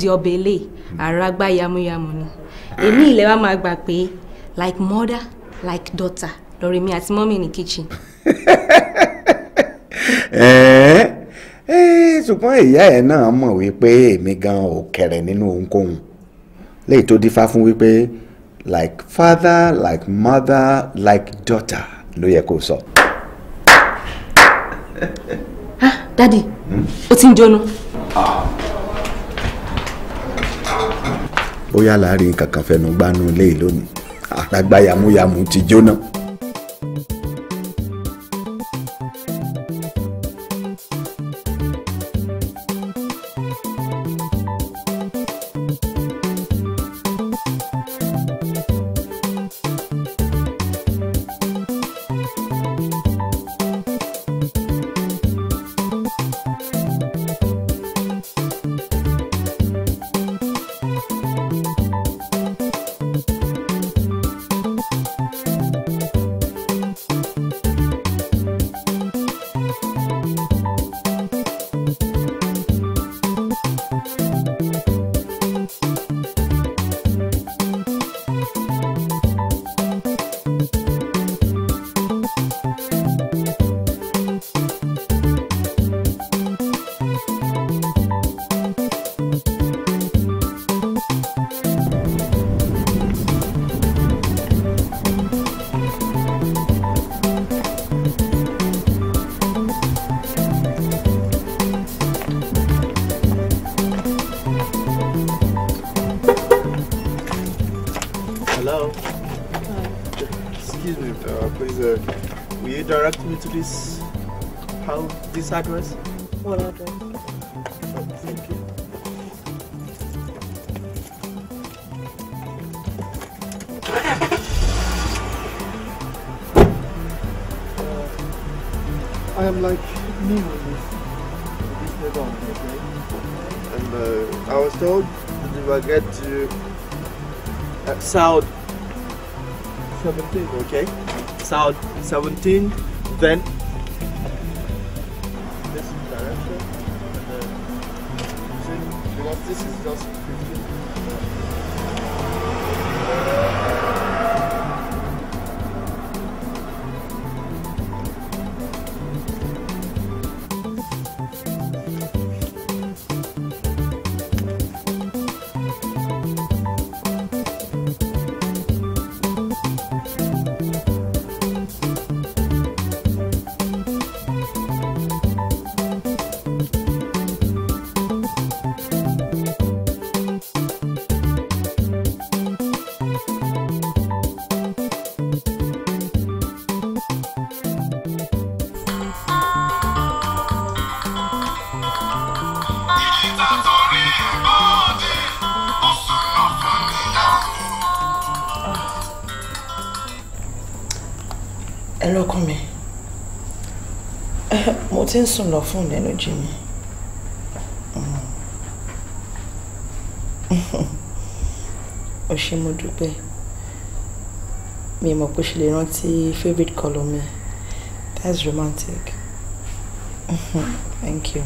di ọbẹ̀ ilé àràgbá yamuyamu ni èmi ilẹ̀ wa máa gbà pé like mother like daughter lọ́rọ̀ èmi àti mọ́mì ní kitchen. Eh, eh, ṣùgbọ́n ìyá ẹ̀ náà mọ̀ wípé èmi gan ò kẹ̀rẹ̀ nínú ohunkóhun léyìí tó dífá fún wípé like father like mother like daughter ló yẹ kó sọ. ah dadi hmm? o ti ń jóná. Ah ó yà láàrin kankan fẹnu gbanú ilé lónìí àtàgbà yàmúyàmú ti jóná. Seventeen, then lọ́kàn mi mo ti ń sùn lọ fún ìlẹ́nu jí mi ó ṣe mo dúpẹ́ mi mọ̀ pé ṣe lè rántí favourite colour mi that's romantic thank you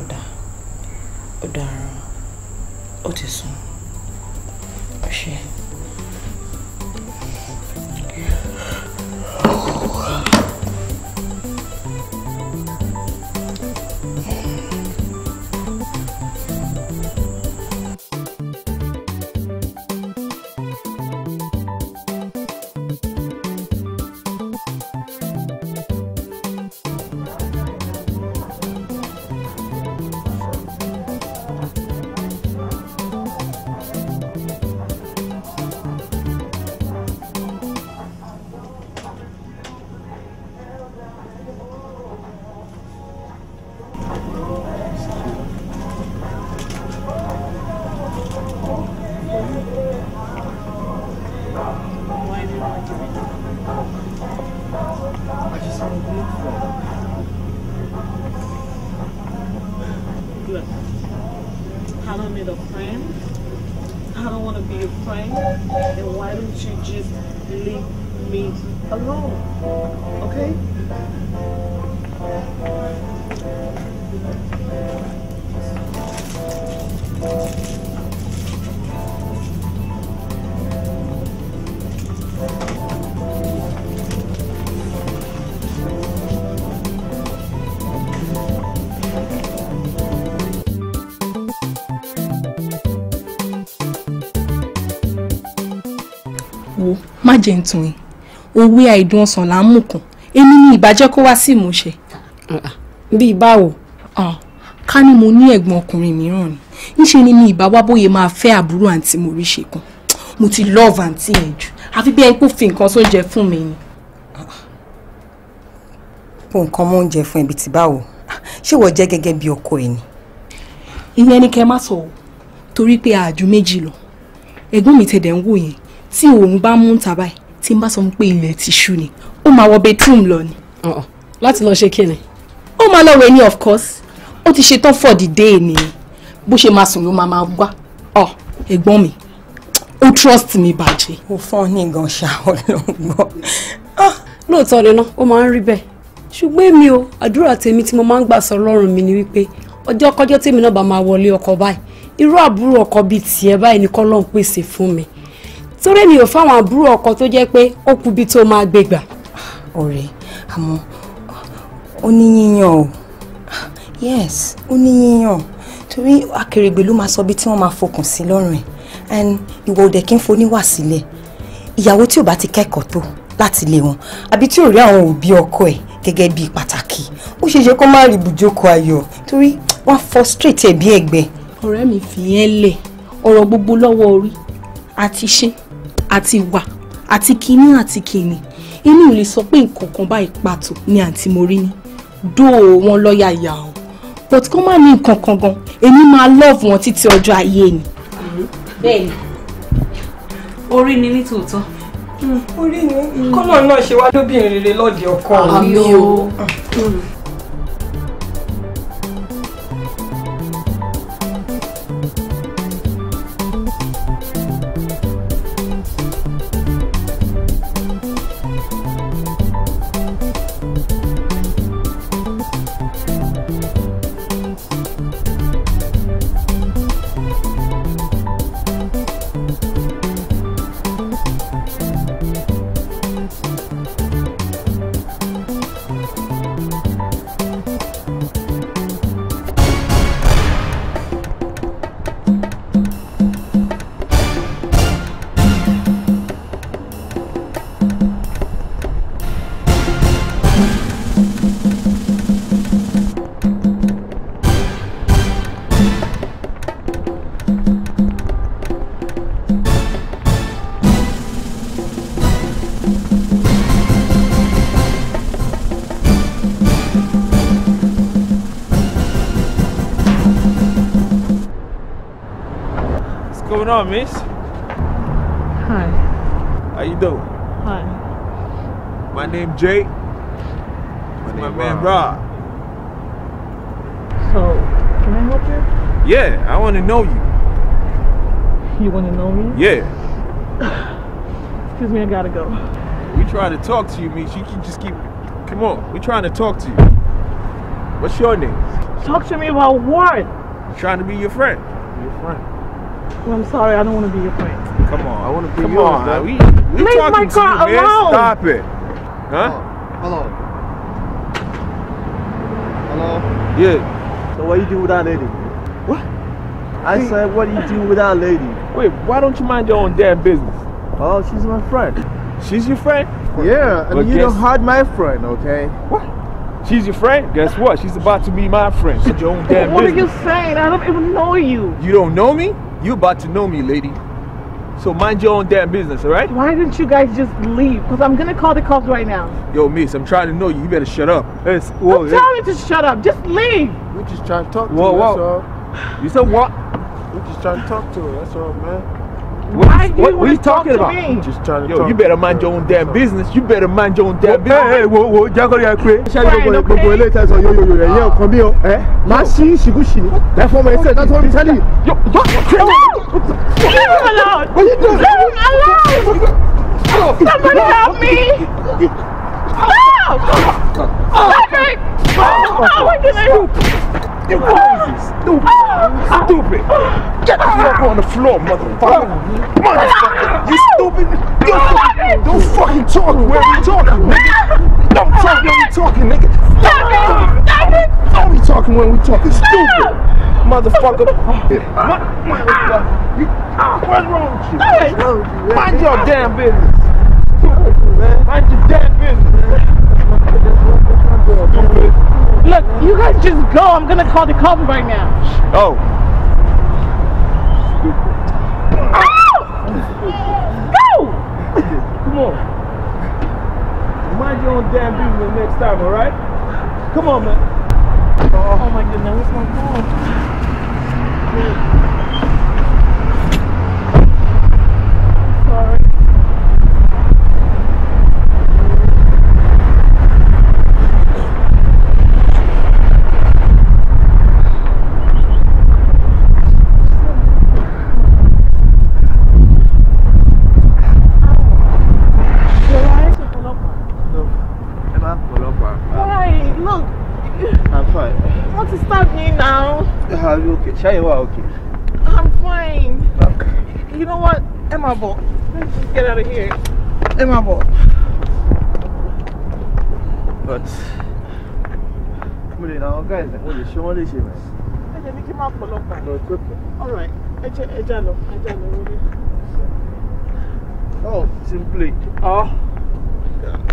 ọ̀dà ọ̀dà àrùn ó ti sùn ó ṣe. jẹ́ ń tún yín òwe àìdùn ọ̀sán là ń mú kan èmi ni ìbàjẹ́ kó wá sí ìmúṣẹ. Ah, bíi báwo. Ah, ká ní mo ní ẹ̀gbọ́n ọkùnrin mìíràn ni níṣe ni mi ìbá wá bóyá máa fẹ́ àbúrò àǹtí mo rí ṣe kan mo ti love àǹtí yẹn jù àfi bí ẹni pò fi nǹkan sóúnjẹ fún mi ni. pò nǹkan mọ oúnjẹ fún ẹbí tí báwo ah, ṣé wọ́n jẹ́ gẹ́gẹ́ bí ọkọ ẹ̀ ni. ìyẹn ni kẹ́ má sọ o torí pé àjù méjì lọ ẹ̀gbọ́n mi tẹ̀dẹ̀ ń wò yẹn tí òun bá mú tàbá ẹ̀ tí n bá sọ pé ilẹ̀ ti ṣú ni ó máa wọ bedroom lọ ni. Uh-uh. láti lọ ṣe kíni. ó máa lọ wẹ̀ ni of course ó ti ṣetán for the day ni bó ṣe máa sùn ló máa máa wá oh, ẹ̀gbọ́n mi ó trust mi bàjẹ́. ó fọ́ ní gan ṣàwọ̀ lọ́gbọ́n. Ah, lóòótọ́ ni náà ó máa ń rí bẹ́ẹ̀ ṣùgbọ́n èmi o àdúrà tèmi tí mo máa ń gbà sọ lọ́rùn mi ni wípé ọjọ́ kọjọ́ tèmi náà bá máa wọlé ọkọ báyìí irú àbúrò ọkọ bíi tiẹ̀ báyìí ni kọ́lọ́n pèsè fún mi torí ni ò fáwọn àbúrò ọkọ tó jẹ́ pé ó kú bí tó máa gbé gbà. ọ̀rẹ́ àmọ́ ó ní yíyan o yes ó ní yíyan torí akèrègbè ló máa sọ bí tí wọ́n máa fokùn sí lọ́rùn ẹ̀ and ìwọ òdẹ kí n foni wà sílẹ̀ ìyàwó tí ò bá ti kẹ́kọ̀ọ́ tó láti lé wọn àbí tí ò rí àwọn òbí ọkọ ẹ̀ gẹ́gẹ́ bíi pàtàkì ó ṣeé kó má rí ibùjókòó ayọ̀ torí wọ́n frustrate ẹ̀ bí ẹ̀gbẹ́. ọ̀rẹ́ mi fi yẹn lẹ̀ ọ̀rọ̀ gbogbo lọ́wọ́ orí àti ṣe àti wà àti kínní àti kínní èmi ò lè sọ pé nǹkan kan báyìí pàtó ni àǹtí mo ni dóò wọn lọ́ọ̀yà yà ó but kó má ní nǹkan kan gan èmi máa love wọn títí ọjọ́ ayé ni. bẹ́ẹ̀ni orí ni nítòótọ́ orí ni kọ́mọ̀ náà ṣe wá lóbìnrin rere lọ́ọ̀dẹ̀ ọkọ mi. àmì o. miss? Hi. How you doing? Hi. My name Jake. My, name my Rob. man Rob. So, can I help you? Yeah, I want to know you. You want to know me? Yeah. Excuse me, I gotta go. We try to talk to you, Miss. You can just keep. Come on, we trying to talk to you. What's your name? Talk to me about what? I'm trying to be your friend. I'm sorry, I don't want to be your friend. Come on, I want to be Come yours. On, man. We, we Leave talking my car to you, alone. Man. Stop it. Huh? Hello. Hello. Yeah. So what you do with that lady? What? I said, what do you do with that lady? Wait, why don't you mind your own damn business? Oh, she's my friend. She's your friend? Yeah, and but you don't hurt my friend, okay? What? She's your friend? Guess what? She's about to be my friend. She's your own damn What business. are you saying? I don't even know you. You don't know me? You about to know me, lady. So mind your own damn business, all right? Why didn't you guys just leave? Because I'm going to call the cops right now. Yo, miss, I'm trying to know you. You better shut up. It's, whoa, I'm telling you to shut up. Just leave. We just trying to talk to whoa, you, that's all. You said what? We just trying to talk to her, that's all, man. Why do you what, what are you talking about? Just trying to Yo, talk you better mind your own damn business. You better mind your own damn business. Hey, hey, whoa, whoa, wo wo jago ya pe. Ṣé gbogbo gbogbo ele tẹ sọ yo yo yo yo, ọkàn mi o. Ẹ máa ṣí ṣìkúṣì ni. That's what I said. That's what I'm telling you. Yo, yo, yo. Leave him alone. What you doing? Leave him alone. Somebody help me. Help! Patrick! Oh, what did I do? You crazy, stupid, stupid. Get the fuck on the floor, motherfucker. Motherfucker, you stupid. You stupid. Don't fucking talk where we talking, nigga. Don't talk when we talking, nigga. Stop it. Stop it. Don't be talking when we talking, stupid. Motherfucker. Ah. What's wrong with you? What's wrong with you? Mind your damn business. Mind your damn business. Look, you guys just go. I'm gonna call the cops right now. Oh. Ah! go! Come on. Mind your own damn business next time, alright? Come on, man. Oh, oh my goodness, where's my phone? are you okay? Sure, you are okay. I'm fine. Okay. You know what? Emma ball. Let's just get out of here. Emma ball. But. Come on, guys. Eh, what is she want to say, man? Let me keep my up. No, it's okay. All right. Oh, simply. Oh.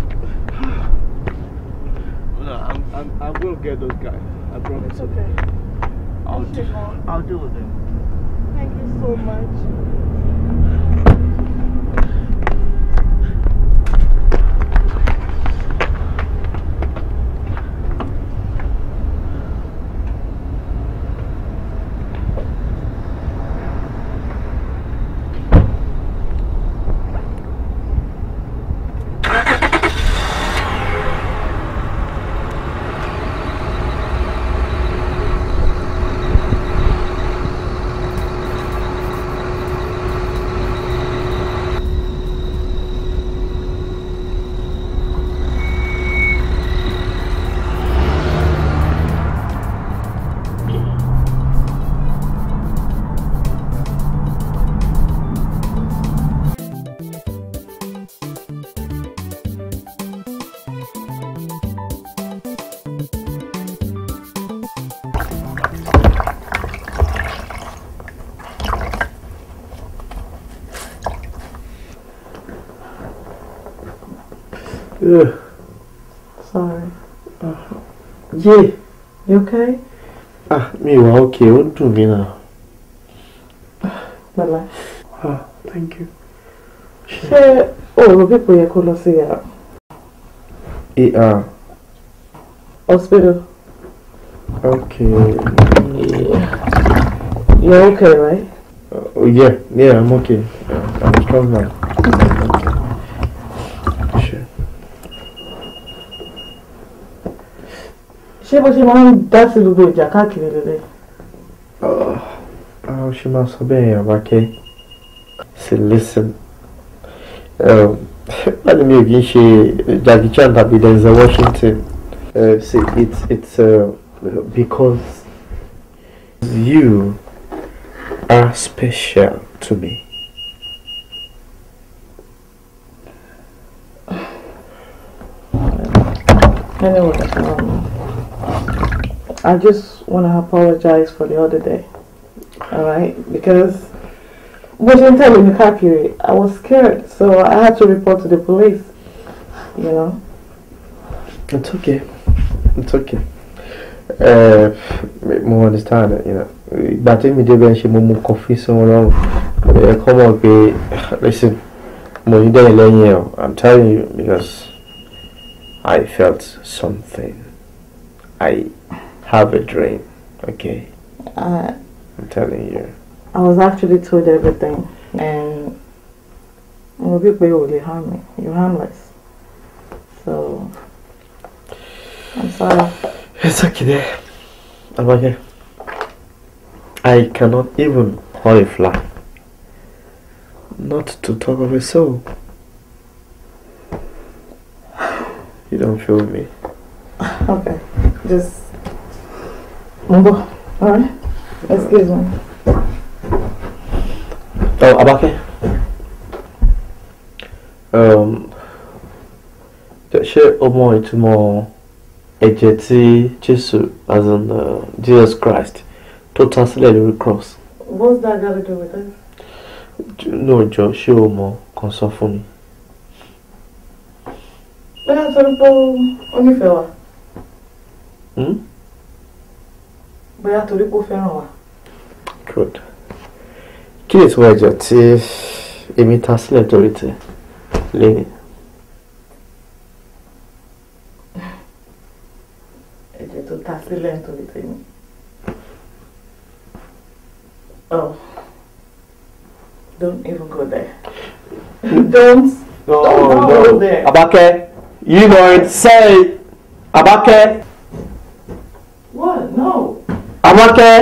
I'm, I'm, I will get those guys. I promise. It's okay. I'll, I'll do it then. Thank you so much. Ugh. Sorry. Uh, uh-huh. yeah. You okay? Ah, me wà okay, ó ń dùn mí náà. Bàbá. Ah, thank you. Oh, the people yẹ call us here. yàrá? ah. Hospital. Okay. Yeah. You're okay, right? Uh, oh, yeah, yeah, I'm okay. Yeah, I'm strong now. Okay. ṣé bó ṣe máa ń dá sí gbogbo ìjà káàkiri lélẹ̀. a ó ṣe máa sọ bẹ́ẹ̀ yẹn wákẹ́ sí listen um, báyìí mi ò kì í ṣe Jackie Denzel Washington uh, see, it's, it's uh, because you are special to me. I know Anyway, um, I just want to apologize for the other day. All right, because you tell telling the car period. I was scared, so I had to report to the police. You know. It's okay. It's okay. Uh, eh, more understand it, you know. But tí mi débẹ̀ ṣe mo mu kọfí coffee wọn lọ́rùn. Ẹ kọ́ mọ̀ pé listen, mo ní dẹ́yìn lẹ́yìn i o. I'm telling you because I felt something. I have a dream, okay? Uh, I'm telling you. I was actually told everything, and people will harm me. You're harmless. So, I'm sorry. It's okay. I'm okay. I cannot even hold a fly. Not to talk of a soul. You don't feel me. Okay, just mo ń bọ̀ alright excuse me. ọ Abákẹ́ ṣé o mọ ìtumọ̀ ẹ̀jẹ̀ tí Jésù as in uh, Jesus Christ tó ta sílẹ̀ lórí cross. what's that got to do with it. lóòjọ́ ṣé o mọ kan sọ fún mi. bẹ́ẹ̀ sọ pé ó nífẹ̀ẹ́ wa bóyá torí pé ó fẹ́ràn wa. good kí lè tún ẹ̀jẹ̀ tí èmi ta sílẹ̀ torí tẹ lẹ́yìn. ẹ̀jẹ̀ tó ta sílẹ̀ nítorí tèmi. Oh, don't even go there. Hmm. don't. No, don't go no. there. Abake, you know it. Say, Abake. What? No. Àmọ́kẹ́.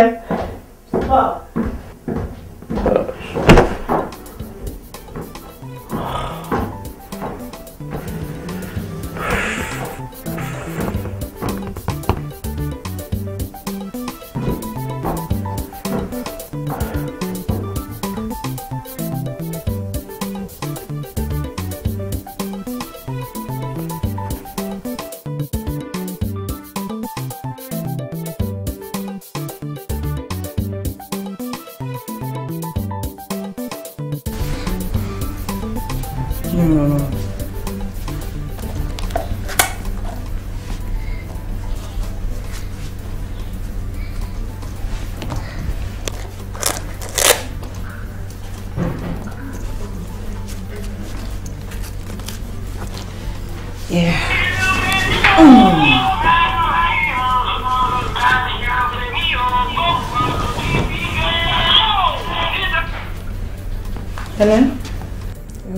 Hello?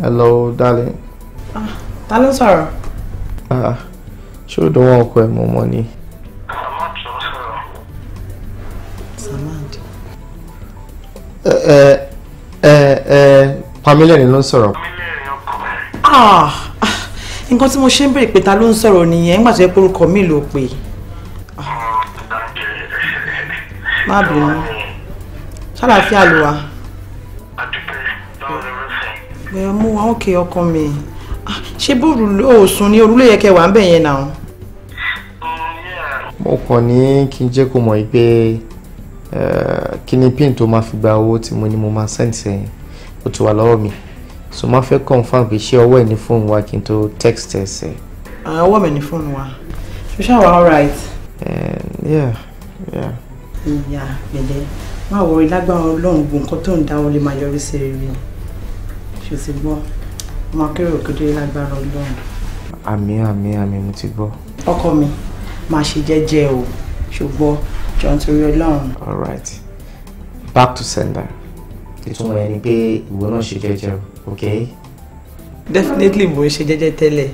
Hello, darling. Ah, ta ló ń sọ̀rọ̀? Ah, ṣé o dánwọ́ ọkọ ẹ̀ mọ́ mọ́ ni? Samad. Ẹ ẹ ẹ ẹ Pamílẹ́rìn ló ń sọ̀rọ̀. Ah, ah, nǹkan tí mo ṣe ń béèrè pé ta ló ń sọ̀rọ̀ nìyẹn nígbà tó yẹ pé orúkọ mi ló pè. Ah. Má bínú. Ṣàlàáfíà ló wà. ok ọkọ mi ah, ṣé bóòlù òòsùn ni òrùlé yẹ kẹ wà ń bẹ̀ yẹn náà. mo kàn ní kí n jẹ́ kó mọ̀ pé kí ni pin tó máa fi gba owó tí mo ní mo máa send sẹ́yìn ó ti wà lọ́wọ́ mi so máa fẹ́ confam pé ṣé ọwọ́ ẹ̀ ní fóònù wa kí n tó text ẹ̀ sẹ́. ọwọ́ mi ní fóònù wa ṣoṣà wà all right. yeah yeah. ìyá gbẹ̀dẹ̀ máa wọrí lágbára ọlọ́run gbogbo nǹkan tó ń dáwọ́ lè máa yọrí sí rere ṣòṣì gbọ́ máa kéré òkèdè lágbára ọlọ́run. àmì àmì àmì mo ti gbọ́. ọkọ mi máa ṣe jẹ́jẹ́ o ṣùgbọ́n jọ nítorí ọlọ́run. all right back to sender. ìtumọ̀ ẹni pé ìwọ náà ṣe jẹ́jẹ́ o ok. definitely mo ṣe jẹ́jẹ́ tẹ́lẹ̀.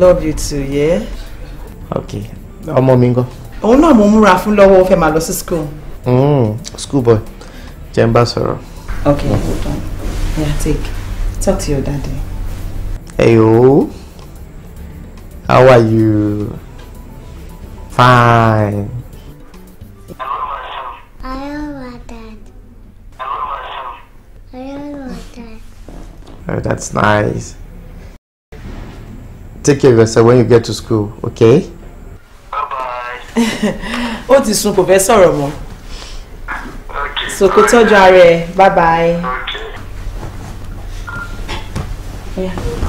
love you too yeah. ok ọmọ mi ń gọ. òun náà mo múra fún lọ́wọ́ ó fẹ́ máa lọ sí school. Hmm, school boy jẹ́ n bá sọ̀rọ̀. ok. Mm -hmm. Yeah, take. Talk to your daddy. Hey, oh. How are you? Fine. I don't want that. I don't want that. Oh, that's nice. Take care of yourself when you get to school, okay? Bye-bye. What is sùn kò fẹ́ sọ̀rọ̀ mọ́. So kó tọ́jú ara Bye-bye. Okay. 哎呀。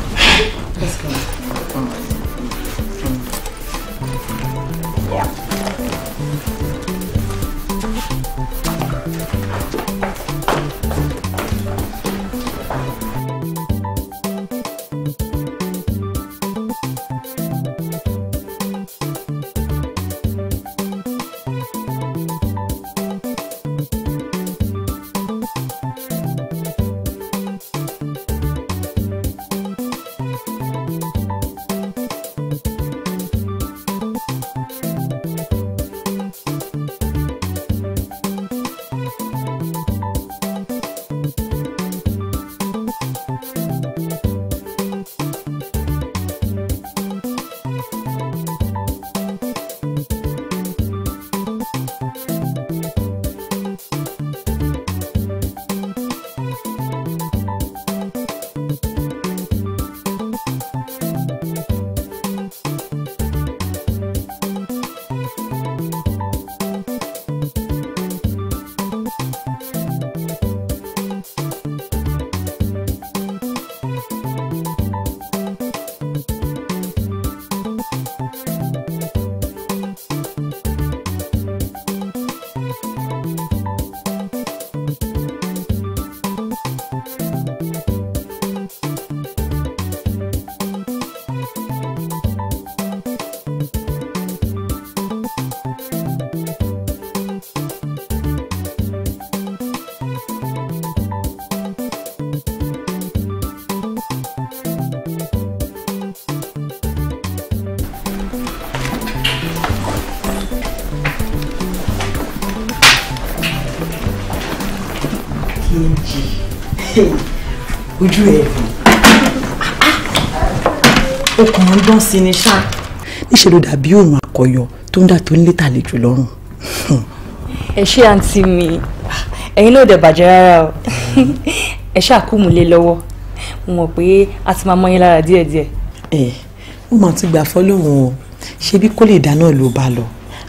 ojú ẹ̀ o kàn ń dán sí ni ṣá. níṣẹ́ ló dàbí òun àkọyọ tó ń dà tó ń lé tàlejò lọ́rùn. ẹ ṣé àǹtí mi ẹ̀yin náà dẹ̀ bàjẹ́ rárá o ẹ ṣáà kú mú lé lọ́wọ́ mo mọ̀ pé a ti máa mọ́ yín lára díẹ̀díẹ̀. ẹ mo máa ti gbà fọlọ́run o ṣé bí kó lè dáná ló bá lọ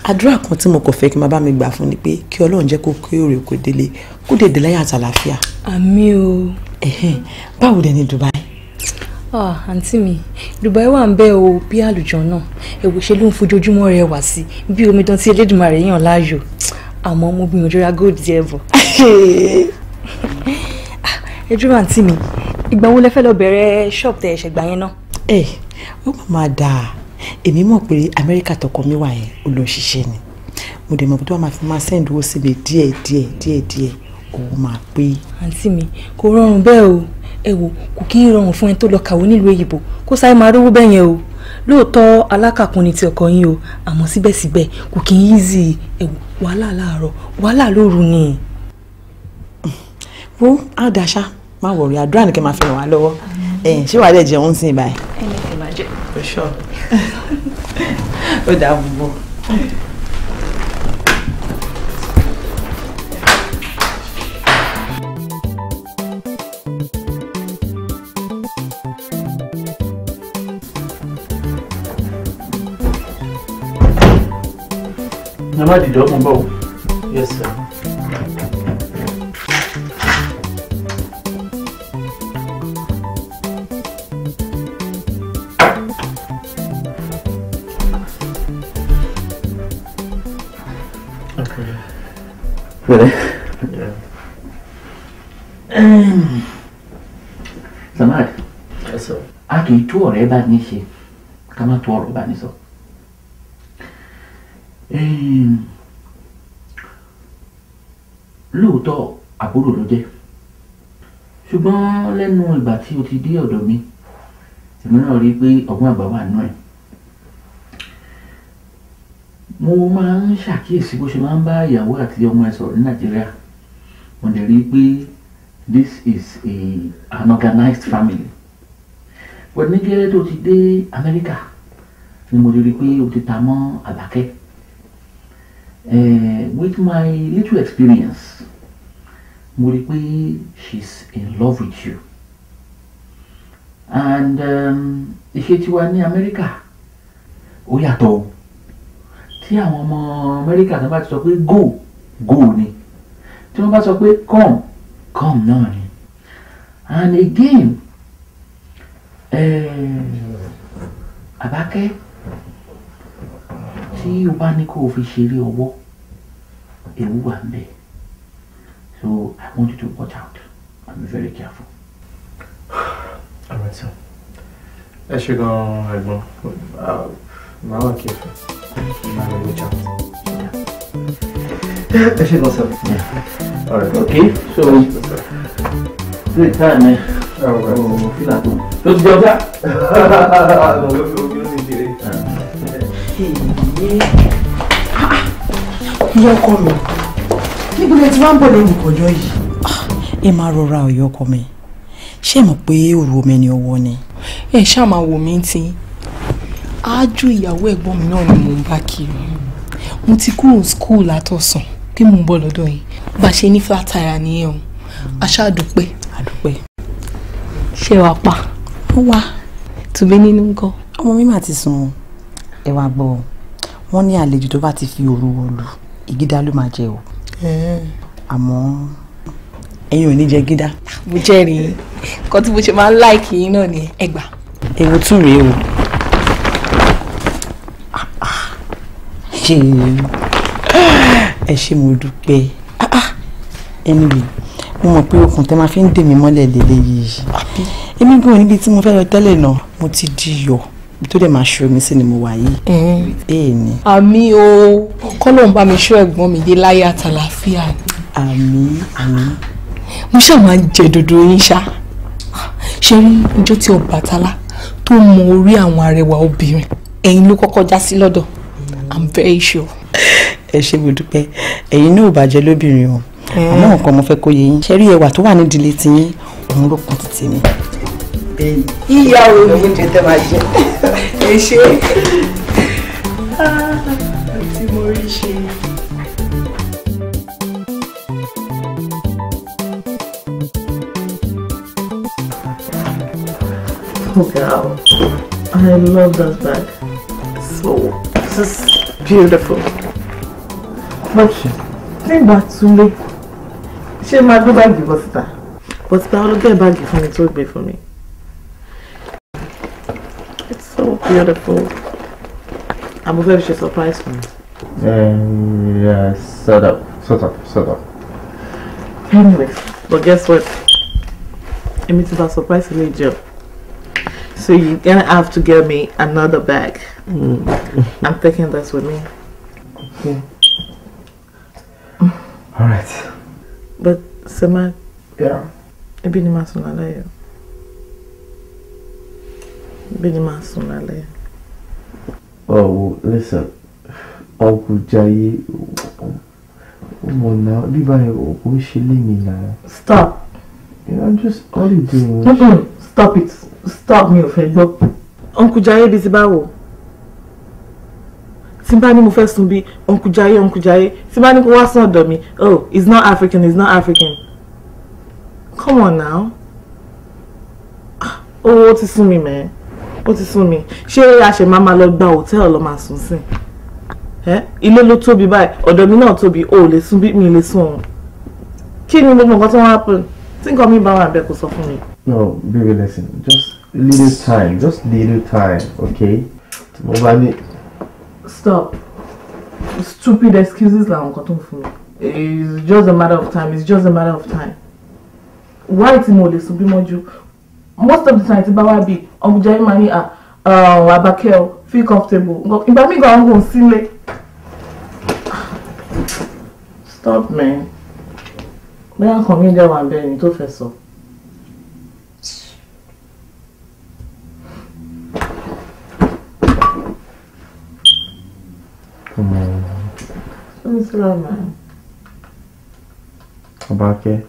àdúrà kan tí mo kàn fẹ́ kí n máa bá mi gbà fún ni pé kí ọlọ́run jẹ́ kó kí òrè kó délé kó dèdè láyà àtàlàfíà. àmín o báwo dẹ̀ ni Dubai. ah àǹtí mi Dubai wà ń bẹ́ o bí àlùjọ náà èwo ṣe ló ń fojoojúmọ́ rẹ wá sí bí omidan tí Elédùmarè yàn láàyò àmọ́ mo gbìyànjú ra gold díẹ̀ bọ̀. Ah, ẹ dúró àǹtí mi ìgbà wo lẹ fẹ́ lọ bẹ̀rẹ̀ ṣọ́ọ̀bù tẹ̀ ẹ̀ṣẹ̀ gbà yẹn náà. ẹ ó mà máa dà èmi mọ̀ pé Amẹ́ríkà tọkọ mi wà yẹn ó ni mo dẹ̀ mọ̀ pé tó wà máa fi máa sẹ́ǹdì ó máa pé. àǹtí mi kò rọrùn bẹ́ẹ̀ o ẹ wò kò kí ń rọrùn fún ẹni tó lọ kàwé nílùú èyìnbó kó sáré máa rówó bẹ́ẹ̀ yẹn o lóòótọ́ alákàkún ni ti ọkọ yín o àmọ́ síbẹ̀síbẹ̀ kò kí ń yízi ẹ wò wàhálà láàárọ̀ wàhálà lóru ni. wo àdàṣà máa wọ̀rí àdúrà ni kẹ́ máa fi ràn wá lọ́wọ́ ṣé wàá dẹ̀ jẹun sí i báyìí. ẹnì kì máa jẹ. ó dàbọ̀. ẹ má dìjọ́ mo bọ̀ yes sir. Really? Yeah. Um, ehm. Samad. Yes, sir. A kì í tú ọ̀rẹ́ bá ní ṣe, ká má tú ọ̀rọ̀ bá ní sọ. So. lóòótọ́ àbúrò ló jẹ́ ṣùgbọ́n lẹ́nu ìgbà tí o ti dé ọ̀dọ̀ mi èmi náà rí i pé ọgbọ́n àgbà wà nù ẹ̀ mo máa ń ṣàkíyèsí bó ṣe máa ń bá ìyàwó àti ọmọ ẹ sọ̀rọ̀ ní nàìjíríà mo dẹ̀ rí i pé this is a an organized family pẹ̀lú ní gẹ́rẹ́ tó ti dé amẹ́ríkà ni mo rí i pé o ti ta mọ́ àbákẹ́ uh, with my little experience mo rí i pé she's in love with you and um, ìṣe tiwa ní amẹ́ríkà ó yàtọ̀ o tí àwọn ọmọ amẹ́ríkà kan bá ti sọ pé go go ni tí wọ́n bá sọ pé come come náà ni and again uh, Àbákẹ́ tí o bá ní kó o fi ṣeré ọwọ́ ewu wà ń so I want you to watch out I'm very careful. alright sir ẹ ṣe gan-an ẹ̀gbọ́n uh, màá wà kí ẹ fẹ́ màá lọ wọ́n chat. ẹ ṣe gan-an sir. alright okay so great time ẹ o fila tó tó ti jẹ ọjà. Ah. Hey ìyá ọkọ mi níbo lẹ ti wá ń bọ̀ lóru kọjọ yìí. Ah, ẹ máa rọra ọ̀yọ́ ọkọ mi ṣé mọ̀ pé òru omi ni ọwọ́ ni. ẹ ṣáà máa wò mí tí aájú ìyàwó ẹ̀gbọ́n mi náà ni mò ń bá kiri mo ti kúrò school látọ̀sán pé mò ń bọ̀ lọ́dọ̀ yìí bá a ṣe ní flat tire nìyẹn o aṣáà dúpẹ́. àdúpẹ́. ṣé wàá pa. ó wà. tùbí nínú ń ọmọ mi mà ti sùn ẹ wàá gbọ́ ọ wọ́n ní àlejò tó bá ti fi òru wọlú ìgídá ló máa jẹ o àmọ́ ẹ̀yin ò ní jẹ gídá. mo jẹ́rìí nǹkan tí mo ṣe máa ń láìkì yín náà ni ẹgbà. èwo tún rèé o ṣe ẹ ṣe mo dúpẹ́ ẹni mi mo mọ̀ pé okùn tẹ́ máa fi ń dè mí mọ́lẹ̀ lélẹ́yìí èmi gbọ́n níbi tí mo fẹ́ lọ tẹ́lẹ̀ náà mo ti di yọ̀ tó dẹ̀ máa ṣe omi sí ni mo wà yìí. bẹ́ẹ̀ ni. àmì o kọ́lọ́n bá mi ṣọ́ ẹ̀gbọ́n mi dé láyé àtàlàfíà. àmì àmì. mo ṣáà máa ń jẹ dòdò yín ṣá ṣe rí ọjọ́ tí Ọbàtálá tó mọ orí àwọn arẹwà obìnrin ẹ̀yin ló kọ́kọ́ já sí lọ́dọ̀ i'm very sure. ẹ ṣe mo dúpẹ́ ẹ̀yin náà ò bàjẹ́ lóbìnrin o àmọ́ nǹkan mo fẹ́ kó yé yín ṣe rí ẹwà tó wà nídìílé tiyín òun ló kún títí mi bẹ́ẹ̀ ni ìyàwó mi oúnjẹ tẹ́ máa jẹ ẹ ṣe ah, àti mo girl, I love that bag. So, this is beautiful. But, nígbà back ṣé máa gbé báàgì bọ́ síta? Bọ́ síta, ó ló gbé báàgì fún mi tó gbé for me. beautiful, I'm afraid we should surprise me. Um, yeah, sort up, sort up, sort up. Anyways, but guess what? It means about surprising me, Joe. So you're gonna have to get me another bag. Mm. I'm taking this with me. Okay. Mm. All right. But Sema. Yeah. Ebini Masunalayo. Oh, bí ni màá sùn lálẹ́. ọ̀wọ̀ listen ọkù jayé ó mọ̀ náà bíbá yẹn kò ń ṣe lémi stop. you know just all you do. Mm -mm, stop it stop me, ò fẹ́ Uncle Jai, this is ti báwo tí n bá ní mo fẹ́ sun bí ọ̀nkù jayé ọ̀nkù jayé tí wá sún ọ̀dọ̀ mi oh he's not african He's not african come on now ah, owó ti sún mi mẹ́ẹ́ ó ti sún mi ṣé a ṣe máa ma lọ gba hòtẹ́ẹ̀lì lọ máa sùn sìn ilé ló tóbi báyìí ọ̀dọ̀ mi náà tóbi o lè sùn bí mi lè sùn òun kí ni gbogbo nǹkan tí wọ́n pè tí nǹkan mi bá wà bẹ́ẹ̀ kò sọ fún mi. no baby listen just little time just little time okay mo bá ní. stop stupid excuses La, kan tó ń fún mi it's just a matter of time it's just a matter of time why tí mo lè sùn bí mọ́jú most of the time ti bá wá bi uncle jerry máa ní ah, um, Abake o feel comfortable ìgbà mi gan ọ̀hún sílé stop man bẹ́ẹ̀ kàn mí jẹ́ wà bẹ́ẹ̀ ni tó fẹ́ sọ. Abake.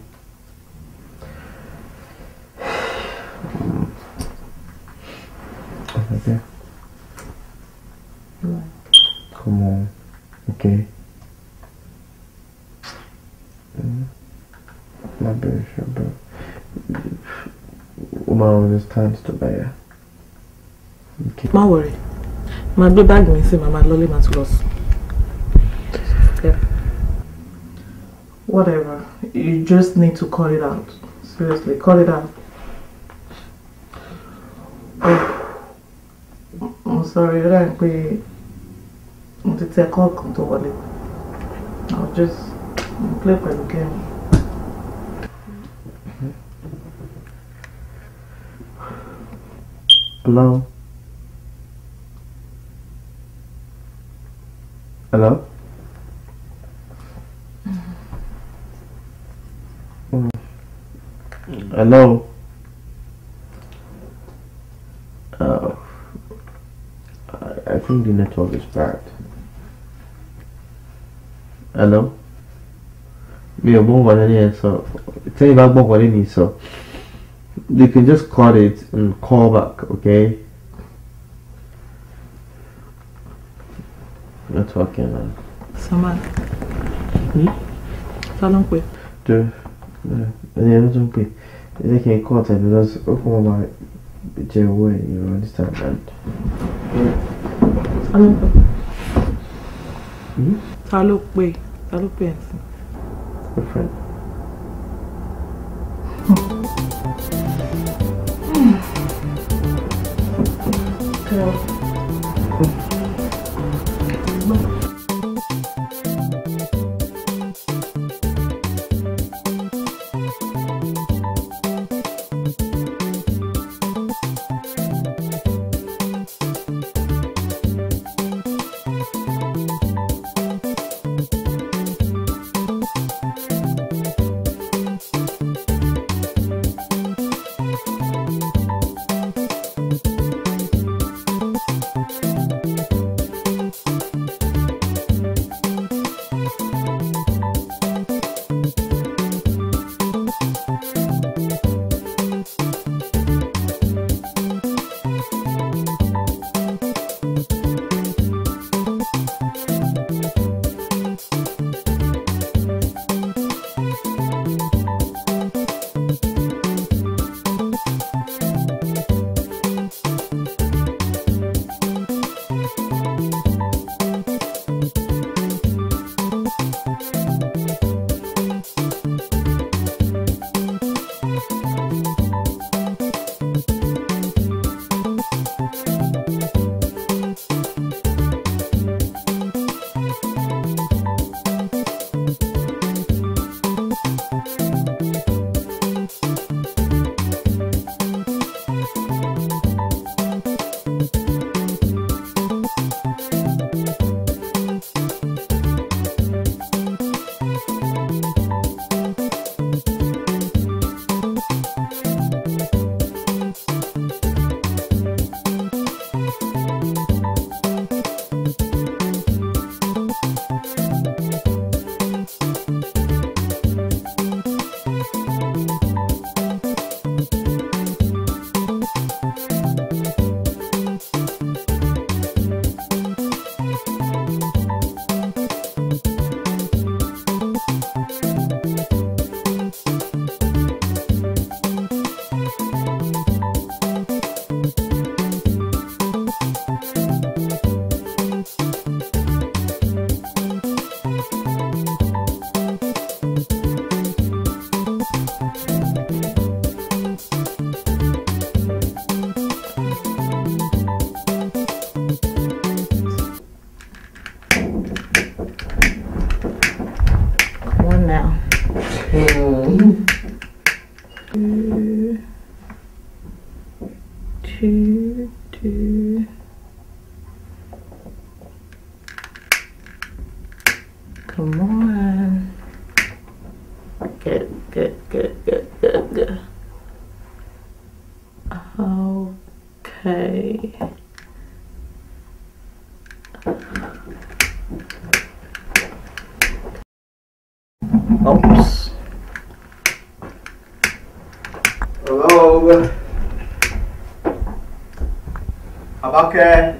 That's right there. What? Come on. Okay. Mm. My bad, sure, bro. Mom, this time to buy Okay. Don't worry. My gbé báàgì mi sí màmá lọ́lé màá tún lọ sùn. Whatever. You just need to call it out. Seriously, call it out. Oh mo sorry ó dàbí pé mo ti tẹ tó wọlé i will just play pẹ̀lú game. Hello? Hello? Mm. Hello? think the network is bad. Hello? Mi ò gbọ́ nǹkan lẹ́ni ẹ̀ sọ. Tẹ́yìn bá gbọ́ nǹkan lẹ́ni sọ. You can just cut it and call back, okay? Not talking now. Samad. Hmm? Ta ló ń pè? Jọ eh, ẹni ẹni tó ń pè. Ẹ jẹ́ kí n pe jo eni eni to n They can je ki n because ó fún ọmọ jẹ́ you understand? And, yeah. Hello, wait. Hello, Pence. Your friend. Hello. Okay.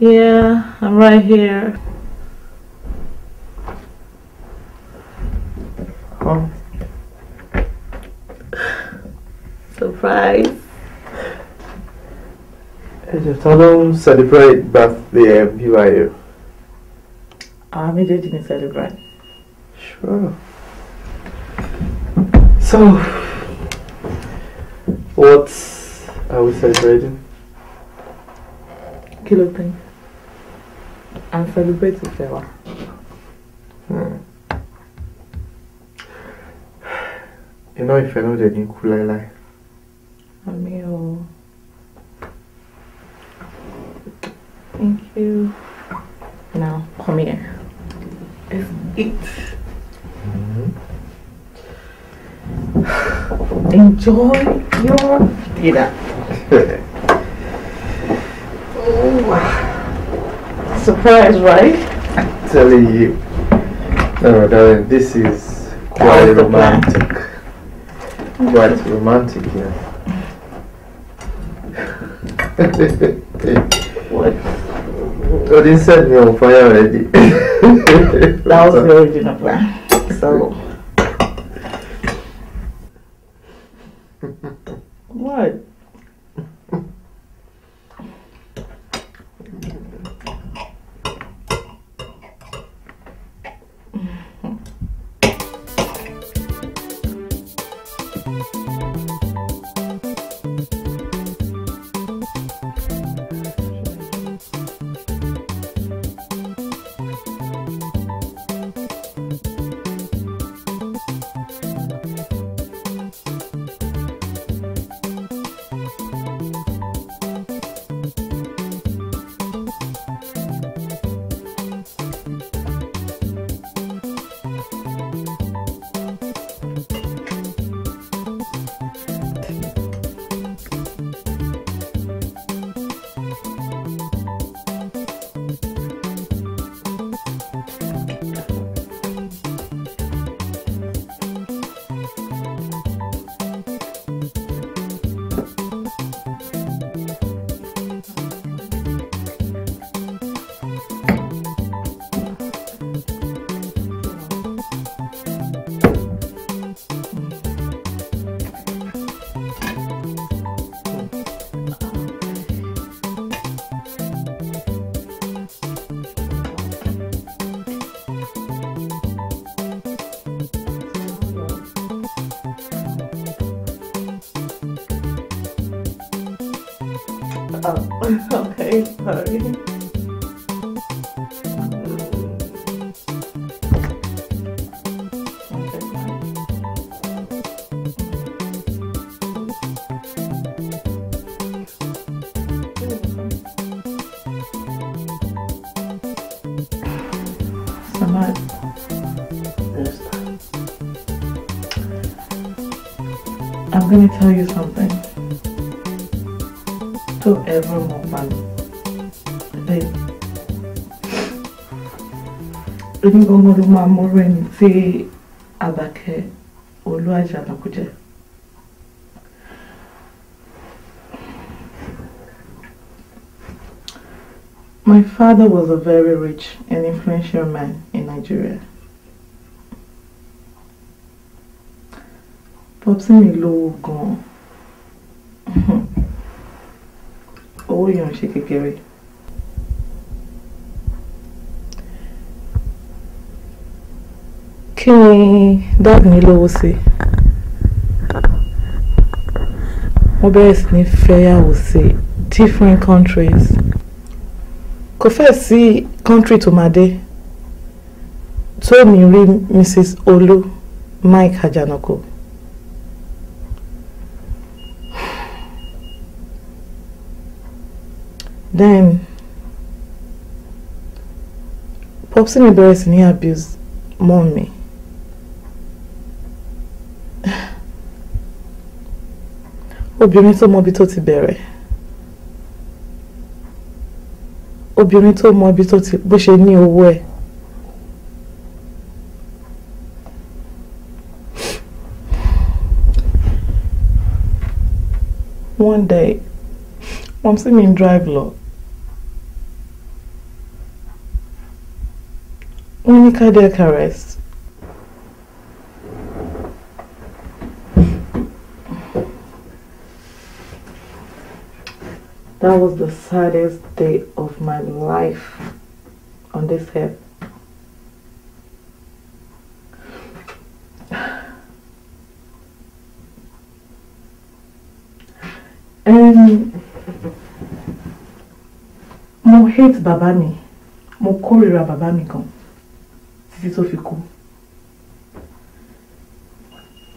Yeah, I'm right here. Huh? Surprise. them celebrate birthday you? I'm ready to celebrate. Sure. So, what are we celebrating? kí ló tán à ń celebrate ìfẹ́ wa. iná ìfẹ́ ló dẹ̀ ní kú láéláé. eyes right. I'm telling you. No, darling, this is quite romantic. Quite romantic, yeah. what? Oh, they set me on fire already. that was the original plan. So. what? èmi gbọ́ngàn ló máa mọ́rú ẹni tí Àbàkẹ́ Olú Àjànàkú jẹ́. My father was a very rich and influential man in Nigeria. Popsi mi lówó gan-an. Owó yẹn ń ṣe kékeré. kí ni dad mi lọ́wọ́ sí wọ́n bẹ̀rẹ̀ sí ní fẹ́yàwó sí different countries kò fẹ́ sí country tó máa dé tó mi rí Mrs. Olú Mike Ajanaku then popsi mi bẹ̀rẹ̀ sí ní abuse mọ́ mi. obìnrin tó mọ ibi tó ti bẹ̀rẹ̀ obìnrin tó mọ ibi tó ti bó ṣe ní owó ẹ̀ one day mom see me drive lọ wọ́n ní cardiac arrest That was the saddest day of my life on this earth. and mo hate babami, mi mo kórìíra bàbá mi gan títí so? Fiku,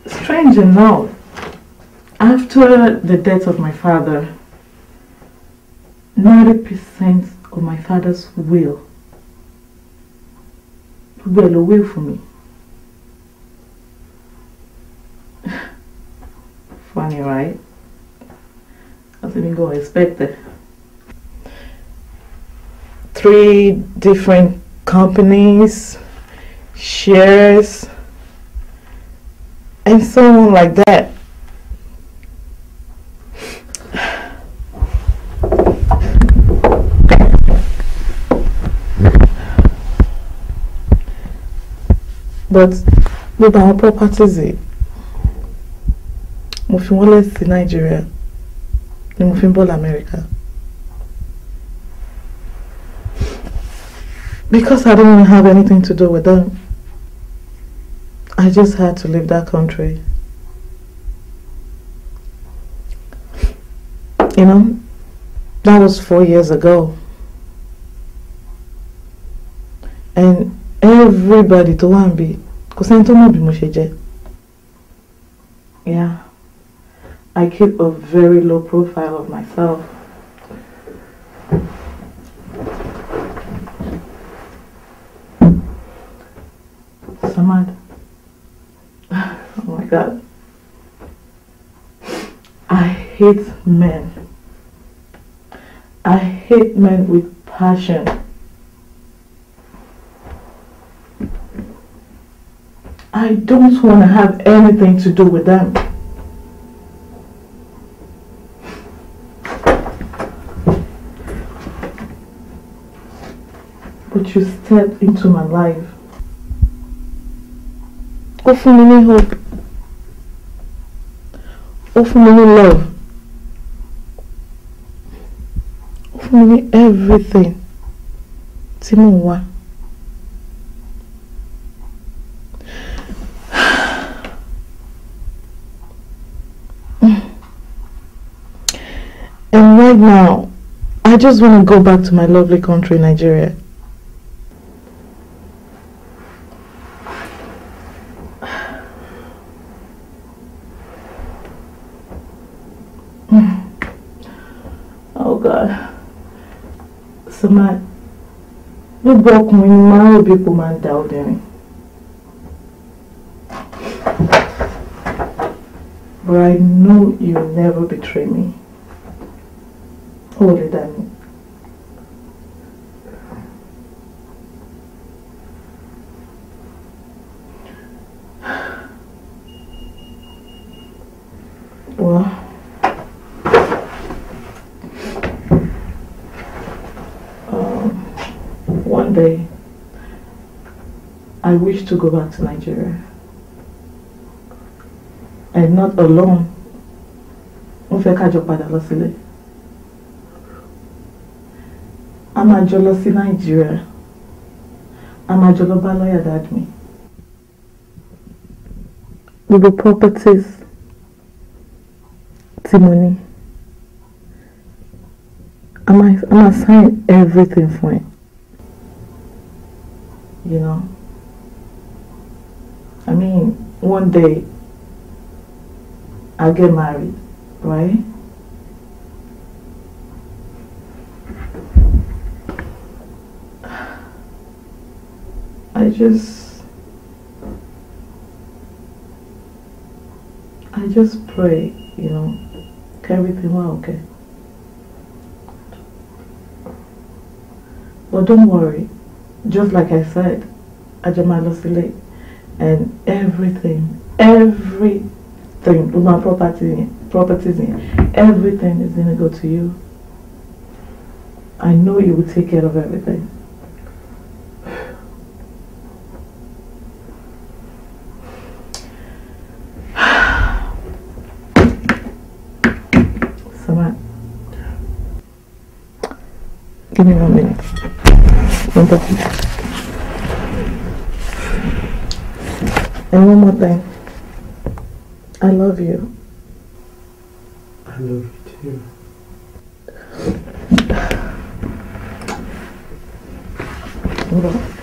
strange enough after the death of my father 90% of my father's will gbogbo be ló will for me. funny right I didn't even go that. three different companies shares and so on like that but gbogbo àwọn properties yìí mo fi wọ́n lẹ̀ Nigeria, Nàìjíríà ni mo fi ń bọ̀ l'Amẹ́ríkà because I didn't have anything to do with them I just had to leave that country. You know, that was four years ago. And everybody to one beat Cause I don't bi yeah I keep a very low profile of myself. Samad oh my God I hate men I hate men with passion. I don't want to have anything to do with them. But you stepped into my life. Offer me hope. Offer me love. Offer me everything tí mò ń right now, I just want to go back to my lovely country, Nigeria. Oh God. So my, you broke máa ń rò bí kò máa ń But I know you'll never betray me. 홀더니 와 um, one day I wish to go back to Nigeria and not alone. Mo jọ padà lọ sílé. I'm a jealous Nigeria. I'm nàìjíríà a jealous jọ lọ bá lọ́yà The mi. gbogbo properties tí mo I'm a máa sign everything for ẹ. You know, I mean, one day I'll get married, right? I just I just pray, you know, everything will okay. But don't worry, just like I said, Ajamalosile, and everything, everything, my property, properties, everything is gonna go to you. I know you will take care of everything. Give me one minute. One second. And one more thing. I love you. I love you too. Hold on.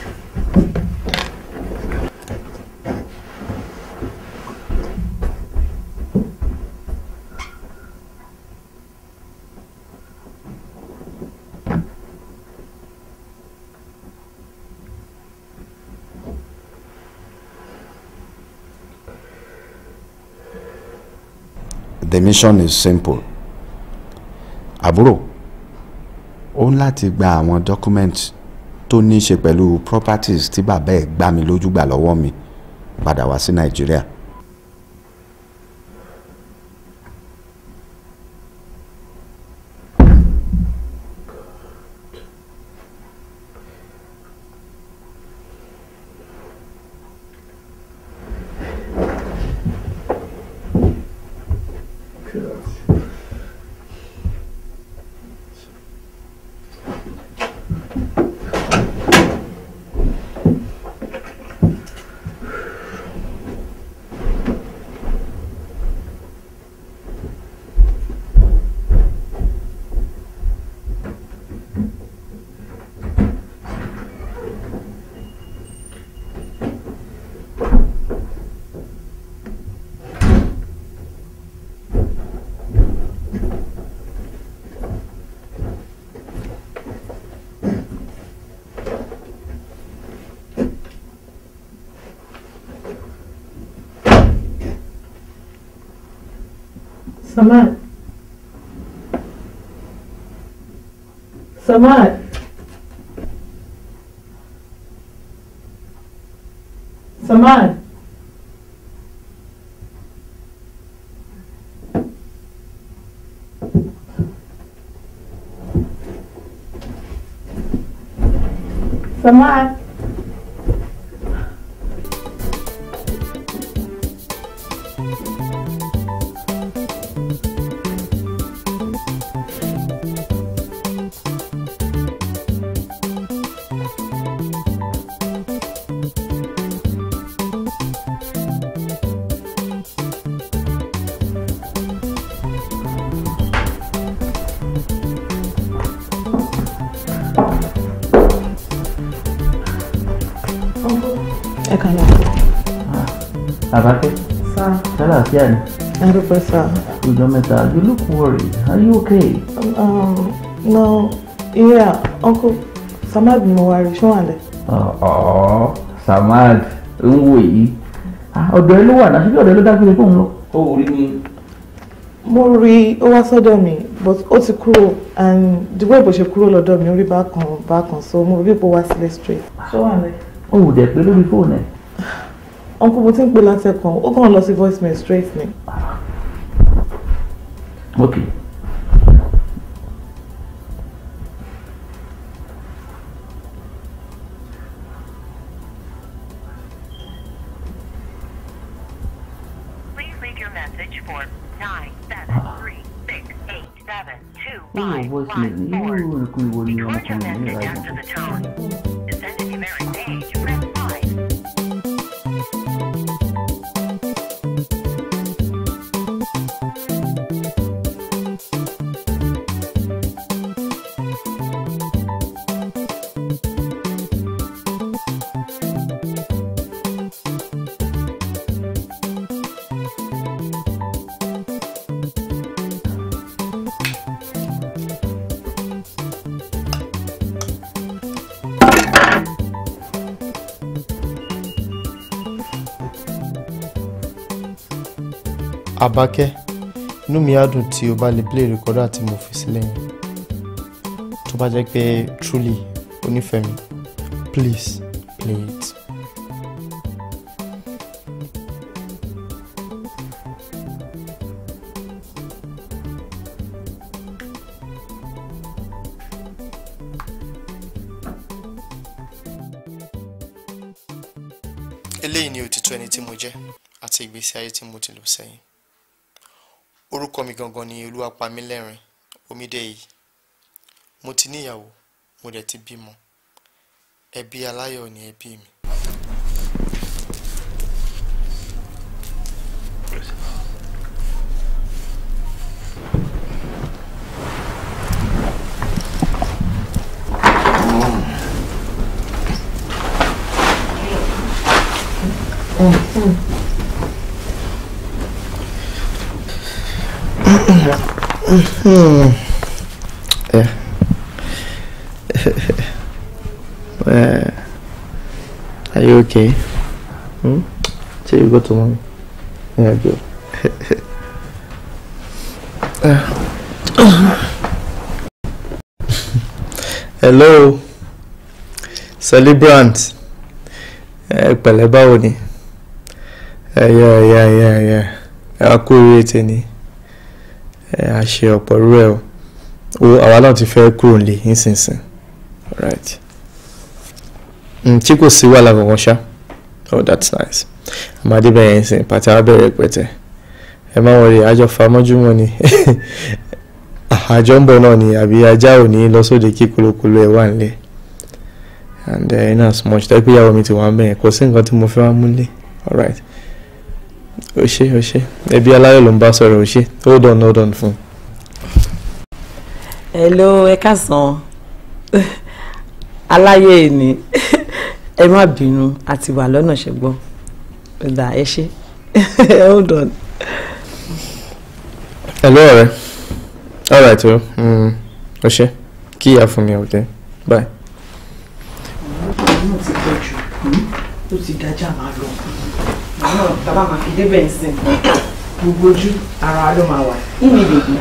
the mission is simple àbúrò ó ń láti gba àwọn document tó ní í ṣe pẹ̀lú properties tí bàbá ẹ̀ gbá mi lójú gbà lọ́wọ́ mi padà wá sí nàìjíríà. so much. Samad. Samad. ẹ kàn Abate. sí. àbákẹ́. sir. sálàáfíà ni. ẹ dúpẹ́ sir. ọjọ́ mẹ́ta you look worried are you okay. Um, no yeah uncle samad ni mo wá rí ṣọ́wọ́n lẹ̀. ọ̀ọ́ samad ń wò yìí ah, ọ̀dọ̀ ẹ ló wà náà ṣíbí ọ̀dọ̀ ẹ ló dágbére fóun lọ. ó rí ni. mo rí ó wá sọ́dọ̀ mi but ó ti kúrò and the way bó ṣe kúrò lọ́dọ̀ mi ó rí bákan bákan so mo rí bó wá sílẹ̀ straight. ṣọ́wọ́n lẹ̀. Oh, they're pé the phone. ẹ̀. uncle mo ti ń pè látẹ̀kọ̀ ó kàn lọ sí voicemail straight ni. ok voicemail. You your message after the tone. Abákẹ́ inú mi á dùn tí o bá lè play recorder tí mo fi sílẹ̀ yẹn tó bá jẹ́ pé truly onífẹ̀ẹ́ mi please play it. eléyìí ni òtítọ́ ẹni tí mo jẹ́ àti ìgbésí ayé tí mo ti lò sẹ́yìn orúkọ mi gangan ni olúwapamílẹ́rìn omídèyí mo ti níyàwó mo dẹ̀ ti bímọ ẹbí aláyọ̀ ni ẹbí mi. Mm-hmm. Uh, are you okay? Hmm? Say you go to mommy. Yeah, go. uh. Hello, celebrant. Ẹ eh, pẹ̀lẹ́ báwo ni? Eh, ẹ yẹ ẹ yẹ ẹ yẹ ẹ kú ìrètí a ṣe ọ̀pọ̀ o àwa náà ti fẹ́ kúrò nílé nísinsìnyí right hmm, tí kò sí wàhálà kankan ṣá oh that's nice àmàdé bẹ̀rẹ̀ ẹ̀ sìn pàtẹ́ abẹ́rẹ́ pẹ̀tẹ́ ẹ má wọlé àjọ famọ́júmọ́ ni ah, àjọ ń bọ̀ náà ni àbí ajá ò ní lọ kí ẹ̀ wà nílé and uh, in as much tẹ́pẹ́yàwó mi ti wà kò sí nǹkan mo fẹ́ wá alright. o ṣe o ṣe ẹbí aláyọ̀ ló ń bá sọ̀rọ̀ o ṣe hold on hold on fún. hello ẹ káàsán aláyé ni ẹ má bínú àti wà lọ́nà ṣẹ́gbọ́n ẹ̀dà ẹ ṣe hold on. hello ọ̀rẹ́ all right o mm, o ṣe kí ìyá fún mi ò dé bye. ọ̀rọ̀ náà ti pẹ́ jù hmm? ó ti dájà máa lọ náà bàbá máa fi débẹ̀ nsìn gbogbo ojú ara wa ló máa wà nínú ìbèbí.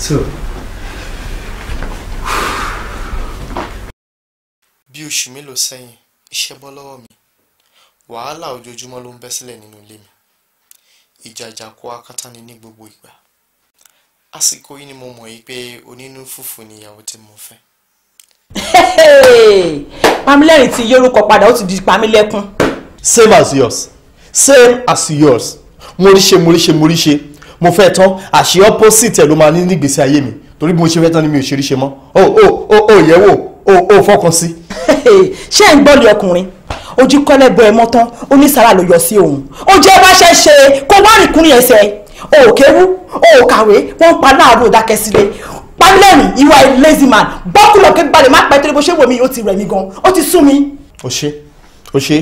so. bí oṣù mélòó sẹ́yìn iṣẹ́ bọ́ lọ́wọ́ mi wàhálà ojoojúmọ́ ló ń bẹ́ sílẹ̀ nínú ilé mi ìjàjà kó akátá ni ní gbogbo ìgbà àsìkò yìí ni mo mọ̀ yìí pé onínú fùfù ni ìyàwó tí mo fẹ́ pamílẹ́rìn ti yorùkọ padà ó ti di pamílẹ́kún. same as yours same as yours moríṣe moríṣe moríṣe mo fẹ́ tán àṣì opposite ẹ̀ ló máa ní nígbèsí ayé mi torí bí mo ṣe fẹ́ tán ni mi ò ṣe ríṣe mọ́ o o o o yẹ wò o o fọkàn sí. ṣé ń gbọ́lì ọkùnrin ojú kọ́lẹ̀ bọ ẹ mọ́ tán ó ní sàrà ló yọ sí òun ó jẹ́ bá ṣe ṣe kó bá rìnkúrin ẹsẹ̀ òkèwú òkàwé wọ́n ń pa láàárọ̀ dákẹ́ sílé pálẹ́rìn ìwà lazy man bọ́kùlọ̀ kẹ́gbàlẹ̀ má pẹ́ torí bó ṣe wò mí ó ti rẹ̀ mí gan ó ti sú mi. o ṣe o ṣe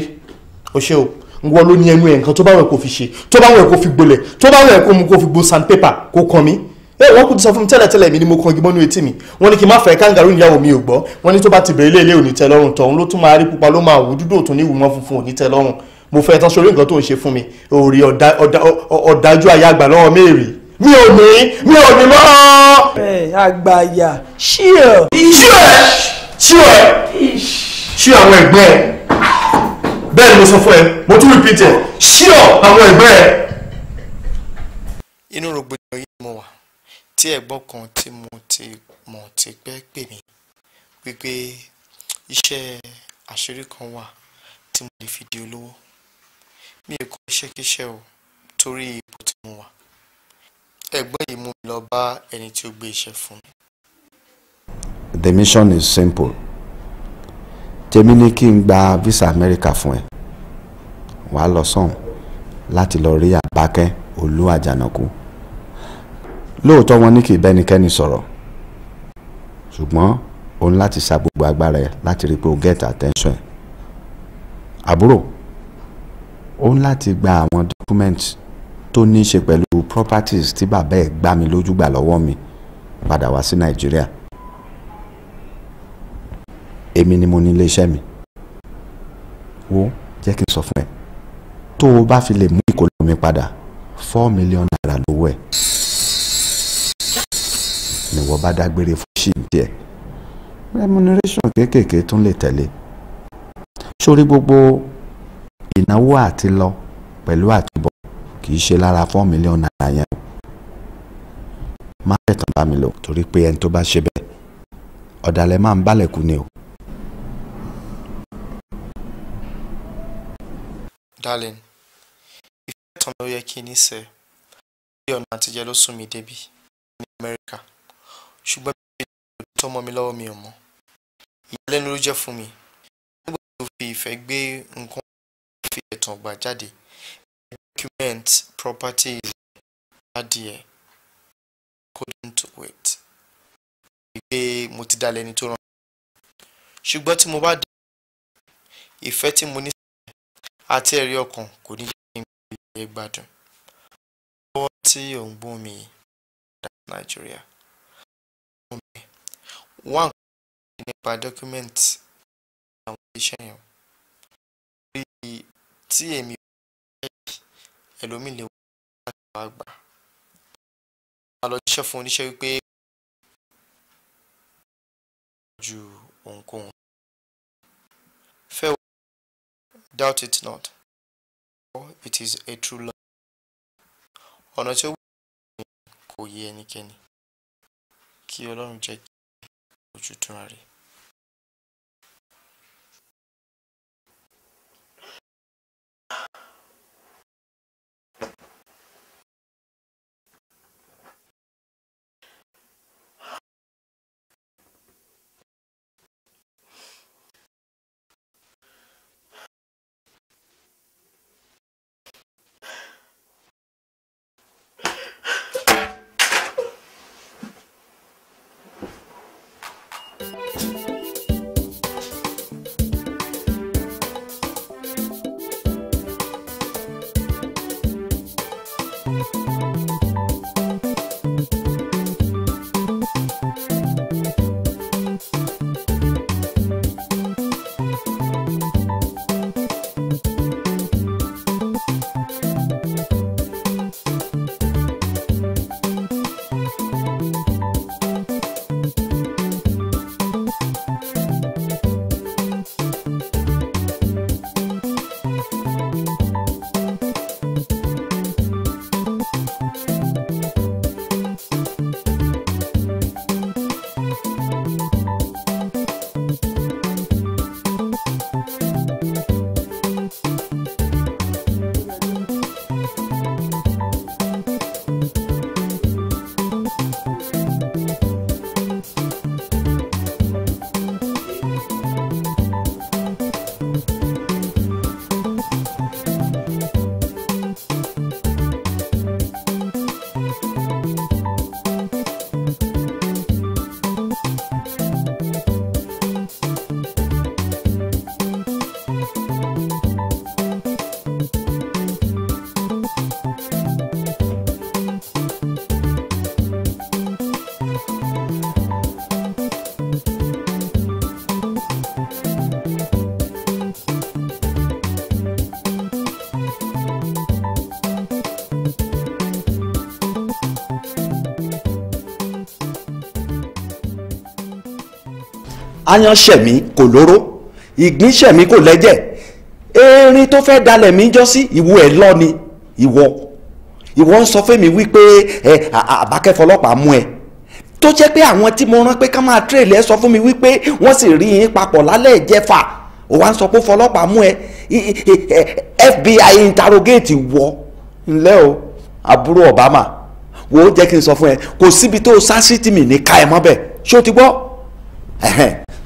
o ṣe o wọ́n ló ní ẹnu ẹ̀ nǹkan tó bá wọn kò fi ṣe tó bá wọn kò fi gbolẹ̀ tó bá wọn kò mú kò fi gbo sandpaper kò kàn mí ẹ wọ́n kò ti sọ fún mi tẹ́lẹ̀tẹ́lẹ̀ mi ni mo kan igi mọ́nú etí mi wọ́n ní kí n má fẹ́ kangaroo níyàwó mi ò gbọ́ wọ́n ní tó bá ti bẹ̀rẹ̀ ilé ilé òní tẹ́ lọ́rùn tọ̀hún ló tún máa rí pupa ló máa wù dúdú òtún ní ìwúmọ́ funfun òní tẹ́ lọ́rùn mo fẹ́ tán sórí nǹkan tó ń ṣe fún mi òòrì ọ̀dájú ayé àgbà lọ́wọ́ mẹ́rin mi ò ní mi ò ní mọ́. àgbàyà ṣí ẹ. ṣí ẹ àwọn ẹgbẹ́ ẹ bẹ́ẹ̀ ni mo sọ fún ẹ mo tún repeat ẹ ṣí ọ àwọn ẹgbẹ́ ẹ. inú rògbòdìyàn yìí mo wà tí ẹ̀gbọ́n kan tí mo ti mọ̀ ti pẹ́ pè mí wípé iṣẹ́ àṣírí kan wà tí mo lè fi di olówó mi ò kọ́ iṣẹ́kíṣẹ́ o torí ipò tí mo wà ẹ̀gbọ́n yìí mú mi lọ bá ẹni tí ó gbé iṣẹ́ fún mi. the mission is simple tèmi ní kí n gba visa America fún ẹ wàá lọ sọ́hùn láti lọ rí àbákẹ́ olú àjànàkú lóòótọ́ wọn ní kì í bẹ́nikẹ́ni sọ̀rọ̀ ṣùgbọ́n o ní láti sa gbogbo agbára ẹ láti rí pé o get attention àbúrò o ní láti gba àwọn document tó ní í ṣe pẹ̀lú gbogbo properties tí bàbá ẹ̀ gbá mi lójú gbà lọ́wọ́ mi padà wá sí nàìjíríà èmi ni mo ní iléeṣẹ́ mi wo jẹ́ kí n sọ fún ẹ tó o bá fi lè mú ìkólọ́ mi padà four million naira lówó ẹ̀ nìwọ bá dágbére fún ṣìí díẹ̀ remuneration kéékèèké tún lè tẹ̀lé sórí gbogbo ìnáwó àti lọ pẹ̀lú àtúbọ̀ kì í ṣe lára fún million naira yẹn o má tẹ̀tàn bá mi lò torí pé ẹni tó bá ṣe bẹ́ẹ̀ ọ̀dàlẹ̀ máa ń bálẹ̀ ni o. darling ìfẹ́ tán ló yẹ kí ní sẹ́ bí ọ̀nà àtijọ́ ló sún mi débi ní amẹ́ríkà ṣùgbọ́n bí ìlú tó mọ́ mi lọ́wọ́ mi ò mọ́ ìyàlẹ́nu ló jẹ́ fún mi nígbà tó fi ìfẹ́ gbé nǹkan fi ẹ̀tàn gbà jáde document properties adìẹ couldn't do it pé mo ti dalẹ̀ ẹni tó ràn ṣùgbọ́n tí mo bá dé ìfẹ́ tí mo ní àti ẹ̀rí ọkàn kò ní jẹ́ kí n gbé ìgbé gbádùn lọ́wọ́ tí ò mi dá nàìjíríà wọ́n kọ́ nípa document àwọn iṣẹ́ yẹn tí èmi ẹlòmíì lè wọ àwọn àgbà a lọ jíṣẹ́ fún oníṣẹ́ wípé ju ohunkóhun fẹ́ wọ doubt it not or it is a true love ọ̀nà tí ó wù kò yé ẹnikẹ́ni kí ọlọ́run jẹ́ kí ojú túnra rẹ̀. ayanṣẹ̀mí kò lóró ìgbínṣẹ̀mí kò lẹ́jẹ̀ erin tó fẹ́ dalẹ̀ mí jọ sí ìwọ ẹ̀ lọ ni ìwọ ìwọ ń sọ fẹ́mi wípé ẹ àbákẹ́fọ́ ọlọ́pàá mú ẹ tó jẹ́ pé àwọn tí mo rán pé ká máa tírèlì ẹ sọ fún mi wípé wọ́n sì rí yín papọ̀ lálẹ́ ìjẹfà ò wá ń sọ pé fọlọ́pàá mú ẹ FBI interrogate wọ ńlẹ́ o àbúrò Obama wo jẹ́ kí n sọ fún ẹ kò síbi tó o sá sí tì ní ká ẹ mọ́ bẹ́ẹ̀ ṣé o ti gbọ́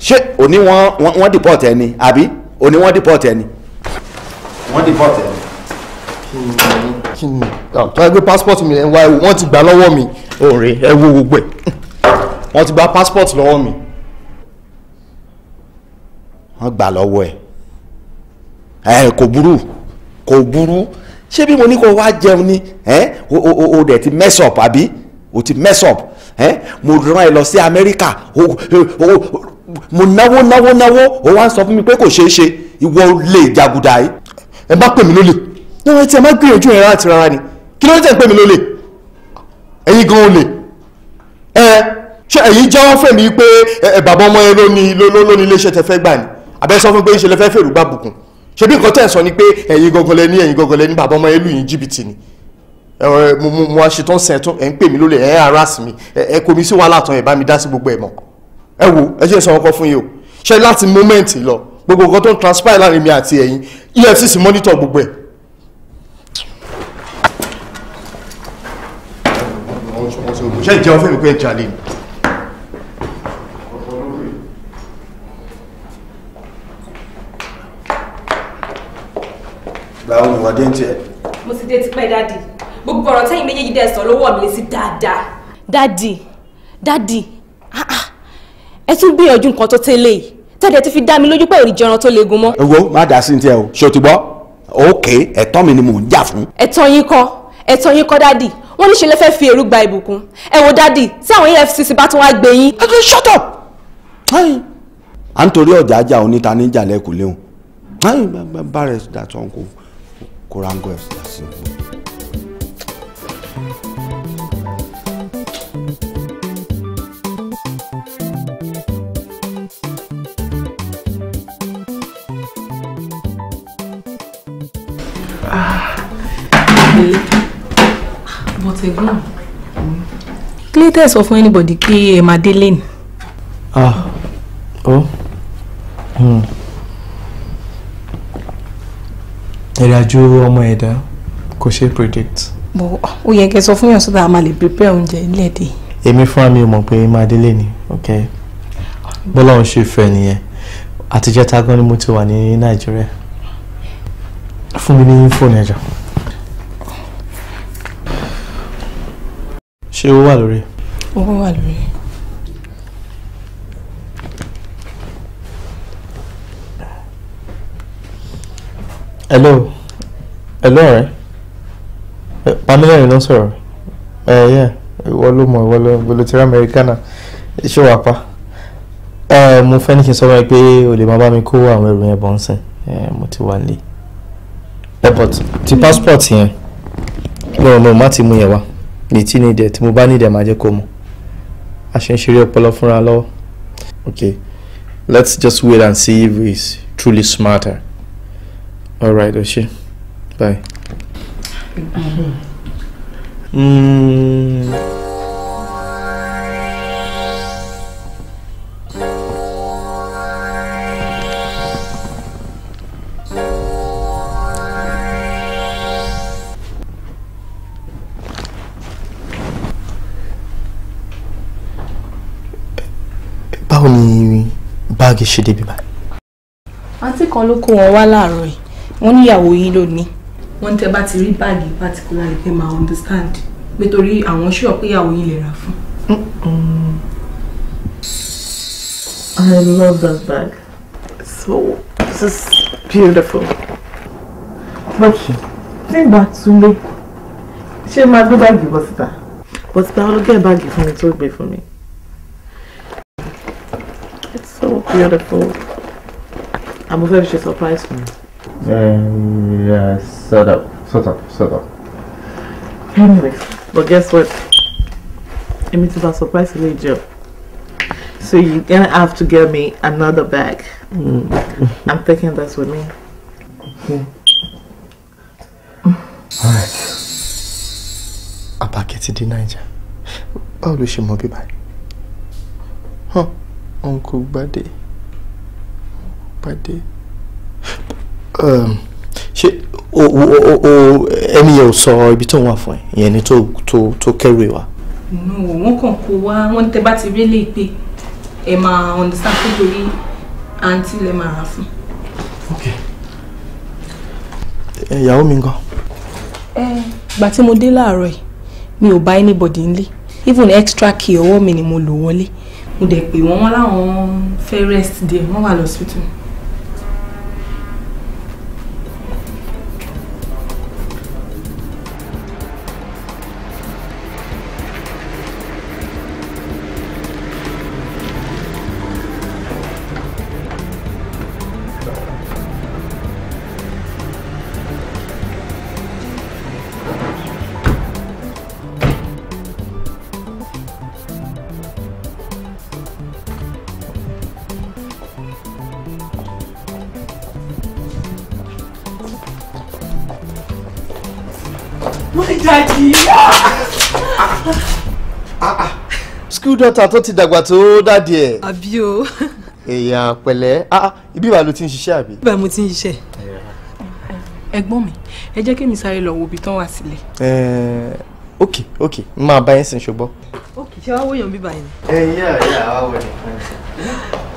ṣé òní wọ́n wọ́n dìpọ́ọ̀tì ẹni àbí òní wọ́n dìpọ́ọ̀tì ẹni. wọ́n dìpọ́ọ̀tì ẹni. kí ni tó ẹgbẹ́ passport mi ẹ̀ ń wá ewu wọ́n ti gbà lọ́wọ́ mi ọ̀rẹ́ ẹ wo gbogbo ẹ̀ wọ́n ti gba passport lọ́wọ́ mi wọ́n gbà lọ́wọ́ ẹ̀ ẹ̀ kò burú kò burú ṣé bí mo ní kó wá jẹun ni o dẹ̀ ti mess up àbí o ti mess up mo rán ẹ lọ sí Amẹ́ríkà mo náwó náwó náwó ó wá ń sọ fún mi pé kò ṣeé ṣe ìwọ lè jàgùdà yìí. ẹ má pè mí lólè níwọ̀n tí ẹ má gbìyànjú ẹ̀ láti rárá ni kí ló dé tẹ̀ ń pè mí lólè ẹ̀yin gan olè ẹ ṣé ẹ̀yin jẹ́wọ́ fẹ́ mi pé ẹ bàbá ọmọ yẹn ló ní iléeṣẹ́ tẹ fẹ́ gbà ni àbẹ́ sọ fún pé ṣe lẹ fẹ́ fèrú gbà bùkún ṣebí nǹkan tẹ̀ ń sọ ni pé ẹ̀yin gangan lẹ ní ẹ̀yin gangan lẹ ní bàbá ọmọ yẹn lù yín jìbìtì ni mo mo aṣetán sẹ́ńtún ẹ̀ ń pè mí lólè ẹ̀ ń harass mi ẹ̀ kò mí sí wàhálà tán ẹ̀ bá mi dá sí gbogbo ẹ̀ mọ́ ẹ wò ẹ jẹ́ ìsanwó kan fún yìí o ṣe láti mọ́mẹ́ǹtì lọ gbogbo nǹkan tó ń transpire láàrin mi àti ẹ̀yin EFCC monitor gbogbo ẹ̀. ṣe ìjẹun fẹ́mi pé ẹ jalè ni. báwo ni wàá dé ń tiẹ̀. mo ti dé tipẹ́ dáàdì gbogbo ọ̀rọ̀ tẹ́yìn méjèèjì dẹ̀ sọ ló wọ̀ mí létí dáadáa. dáàdì dáàdì ah, ah ẹ tún gbìyànjú nǹkan tó tẹ́lẹ̀ yìí tẹ́lẹ̀ ti fi dá mi lójú pé ò ní jẹran tó le gun mọ́. owó má dà sí tiẹ o ṣó ti gbọ́ òkè ẹ̀tọ́ mi ni mò ń jà fún. ẹ̀tọ́ yín kọ́ ẹ̀tọ́ yín kọ́ dádì wọ́n ní ṣe lè fẹ́ fi èrú gba ìbùkún ẹ wo dádì tí àwọn EFCC bá tún wá gbé yín. ẹ fi shut up. à ń torí ọ̀jà ajá oníta níjà lẹ́kùn léwu bá rẹ̀ dàtọ̀ kó kó ráńgọ̀ ẹ̀ sí i. but ẹ̀gbọ́n kí ló tẹ̀ sọ anybody pé Madeline. máa délé ni. ah oh hmm. ìrìn àjò ọmọ ẹ̀dá kò ṣeé predict. bọ̀ ó yẹ kẹ́ sọ fún yàn sódà a máa lè prepare oúnjẹ ilé ẹ̀dẹ̀. èmi fúnra mi ò mọ̀ pé máa délé ni ok bọ́lá òun ṣe fẹ́ nìyẹn àtijọ́ tá a gan ni mo ti wà ní ṣé ó wà lórí. ó wà lórí. hello hello ọ̀rẹ́ pamela ló ń sọ̀rọ̀ ẹ yẹ ìwọ ló mọ̀ ìwọ ló gbolo tira americana ṣé wàá pa mo fẹ́ ní kí n sọ wáyé pé o lè máa bá mi kó àwọn ẹrù yẹn bọ̀ ń sìn mo ti wà nílé airport ti passport yẹn mo mọ̀ má ti mú yẹn wá ní tí ní dẹ̀ tí mo bá ní dẹ̀ máa jẹ́ kó mọ̀ a ọpọlọ fúnra lọ́wọ́ okay let's just wait and see if he's truly smarter all right o ṣe bye. Mm. báàgì ṣe débi báyìí. àǹtí kan ló kó wọn wá láàárọ̀ yìí wọ́n níyàwó yín lónìí. wọ́n tẹ́ bá ti rí báàgì particularly pé máa understand nítorí àwọn ṣúọ̀ pé ìyàwó yín lè rà fún. I love that bag. So this is beautiful. But nígbà Túndé ṣé máa gbé báàgì bọ́ síta? Bọ́ síta ó ló gẹ́ báàgì fún mi tó gbé fún mi. Beautiful. I'm afraid you surprised surprise me. Um, yeah, sort up, sort up, sort up. Anyways, but guess what? It means it's a surprise to you. So you're gonna have to get me another bag. Mm. I'm taking this with me. Okay. Alright. Abaketi di Niger. Báwo ló ṣe mọ bíbá? Huh? uncle Buddy. pàdé um, ṣé ẹni yẹn ò sọ ibi tó ń wà fún ẹ ìyẹn ni tó kẹ́rù ìwà. no wọn kàn kó wá wọn tẹ bá ti rí lè pé ẹ máa understand pé torí àǹtí lè máa rà fún. ok ìyàwó mi gan. ẹ gbà tí mo dé láàárọ̀ yìí mi ò bá anybody nílé even extra key ọwọ́ mi ni mo lò wọlé mo dẹ̀ pé wọ́n wọ́n láwọn fẹ́ rest there wọ́n wà lọ́sítọ́ọ̀. middle daughter tó ti dàgbà tó dàdí ẹ̀. àbí o. èèyàn pẹ̀lẹ́ ah, ah, ibi ìwà ló ti ń ṣiṣẹ́ àbí. ibà mo ti ń ṣiṣẹ́. ẹ̀gbọ́n mi ẹ jẹ́ kí mi sáré lọ wo ibi tán wà sílẹ̀. Eh, ok ok n máa bá yín sìn ṣùgbọ́n. ok ṣé wàá wòyàn bíbá yẹn. ẹ yá ẹyà àwa wẹ̀ nìkan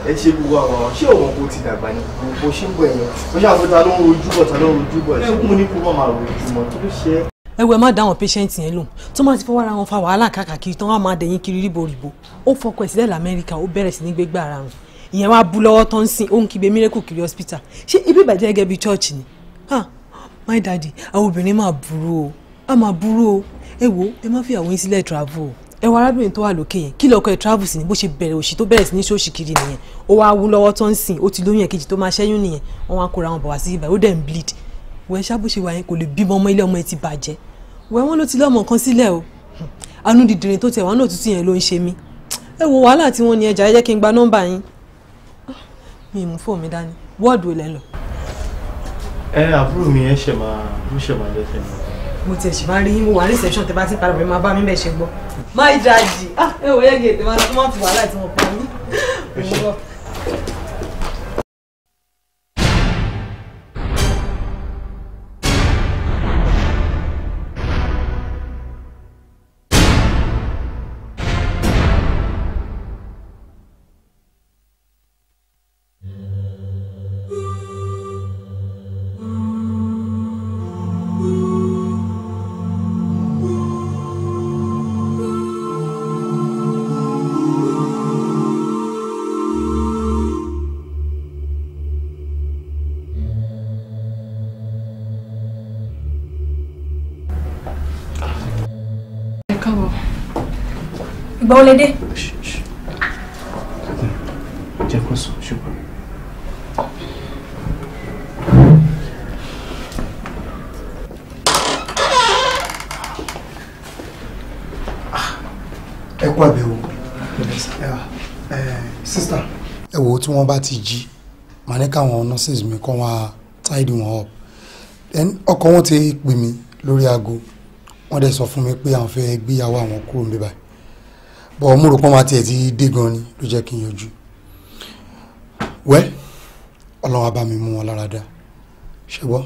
ẹ ṣe gbogbo àwọn ṣé òun kò ti dàgbà ni kò ṣe ń bọ̀ ẹ̀yàn ó ṣàfihàn ta ló ń rojú bọ̀ ta ló ń rojú bọ̀ ẹ̀ ṣé kún ní kó máa rojú mọ́ kí ṣe ẹ wẹ má dá àwọn patient yẹn lò tó má ti fọwọ́ ara wọn fa wàhálà káàkiri tán wà máa dẹ̀yìn kiri ríboríbo ó fọkọ ẹ̀ sílẹ̀ lamẹ́ríkà ó bẹ̀rẹ̀ sí ní gbégbá ara wọn ìyẹn wàá bú lọ́wọ́ tán sìn ó ń kígbe miracle kiri hospital ṣé ibi ìbàjẹ́ gẹ́gẹ́ bíi church ni Ha? my daddy àwọn obìnrin máa burú o a máa burú o ẹ wo ẹ má fi àwọn yín sílẹ̀ travel o ẹ wọ arábìnrin tó wà lókè yẹn kí lọkọ ẹ travel sí ni bó ṣe bẹ̀rẹ̀ òṣì tó bẹ̀rẹ̀ sí ní ṣóòṣì kiri nìyẹn ó wá wú lọ́wọ́ tán sìn ó ti lóyún ẹ̀kejì tó máa ṣẹ́yún nìyẹn wọ́n wá kóra wọn bọ̀ wá sí ibà ó dẹ̀ ń bleed wẹ́ ṣá bó ṣe wà yẹn kò lè bímọ ọmọ ilé ọmọ ẹ ti bàjẹ́ wẹ́ wọ́n ló ti lọ́mọ kan sílẹ̀ o anú dìdìrín tó tẹ̀ wọ́n náà tútù yẹn ló ń ṣe mí ẹ wo wàhálà tí wọ́n ní ẹja ẹ jẹ́ kí n gba nọ́mbà yín mi ì mú fóònù mi dání wọ́ọ̀dù ilẹ̀ lọ. ẹ àbúrò mi ẹ ṣe máa ló ṣe máa lẹ́sẹ̀ mi. mo tiẹ̀ ṣì máa rí mo wà ní reception tẹ́ bá ti parọ́ mi máa bá mi bẹ̀ ṣe gbọ́. má ìdájì ah, ẹ wò yẹ kí ìgbà wọlé dé. jẹ́ kó sùn ṣùgbọ́n. ẹ kú àbẹ̀wò sísá. Eh, ẹ wo tí wọ́n bá ti jí màá ní káwọn nurses mi kọ́ wá tidy wọn up ọkọ wọn ti pè mí lórí aago wọ́n dẹ̀ sọ fún mi pé àwọn fẹ́ gbéyàwó àwọn kúrò níbàyìí bọ̀ mo rò pọ́n máa tiẹ̀ ti dé gan ni ló jẹ́ kí n yọjú wẹ́ ọlọ́run abá mi mú wọn lára dá ṣùgbọ́n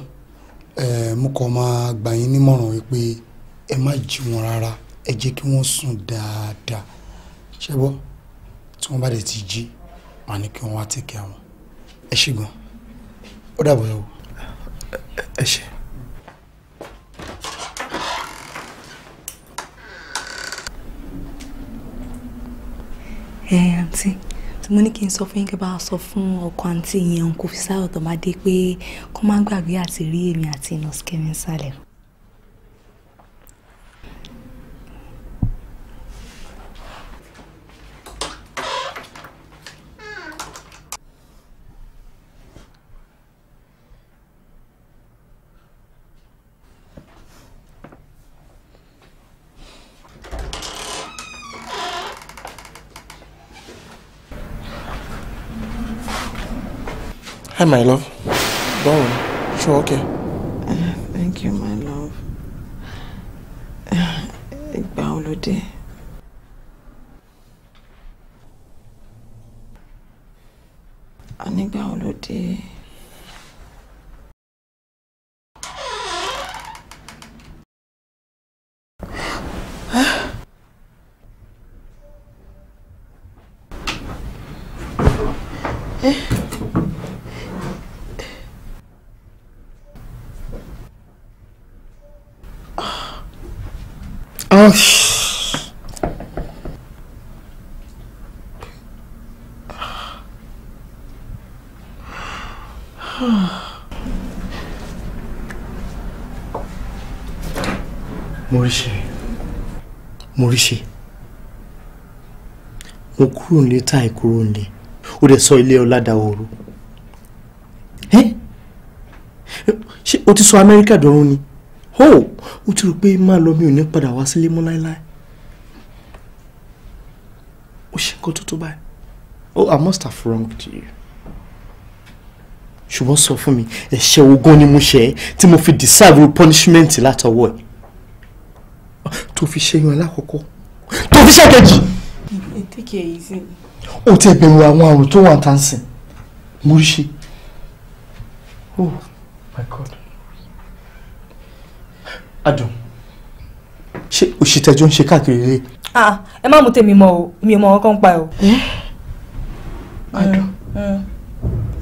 mo kàn máa gbà yín nímọ̀ràn wípé ẹ má jí wọn rárá ẹ jẹ́ kí wọ́n sùn dáadáa ṣùgbọ́n tí wọ́n bá dẹ̀ ti jí màá ní kí wọ́n wá tẹ̀kẹ́ àwọn ẹ ṣe ó dàbọ̀ ẹ wò. ẹ ṣe. ẹ eh, àǹtí tí mo ní kí n sọ fún yín kí n bá sọ fún ọkọ àǹtí yẹn kò fi sáyọ̀ tó máa dé pé kó má gbàgbé àti rí èmi àti nọ́ọ̀sì kẹrin sálẹ̀. Hi, my love. worry. sure, okay. Uh, thank you, my Well, Moríṣe Moríṣe mo kúrò nílé tá ì kúrò nílé ó dẹ̀ sọ ilé ọ̀làdàwòrò ṣé o ti sọ Amẹ́ríkà dọ̀run ni oh ó ti rò pé má lọ mi ò ní padà wá sílé mọ́ láéláé ó ṣe nǹkan tó tó báyìí oh i must have wronged you ṣùgbọ́n sọ fún mi ẹ̀ṣẹ̀ ogún ni mo ṣe tí mo fi deserve punishment látọwọ́ ẹ̀ tó fi ṣẹ́yún alákọ̀ọ́kọ́ tó fi ṣẹ́kẹ̀jì. o ti bẹ̀rù àwọn àrùn tó wà tá I ń sìn múríṣe. oh my god adùn ṣé òṣìṣẹ́jọ́ ń ṣe káàkiri rẹ̀. ẹ má mú tèmi mọ o mi ò mọ ọkàn pa o. adùn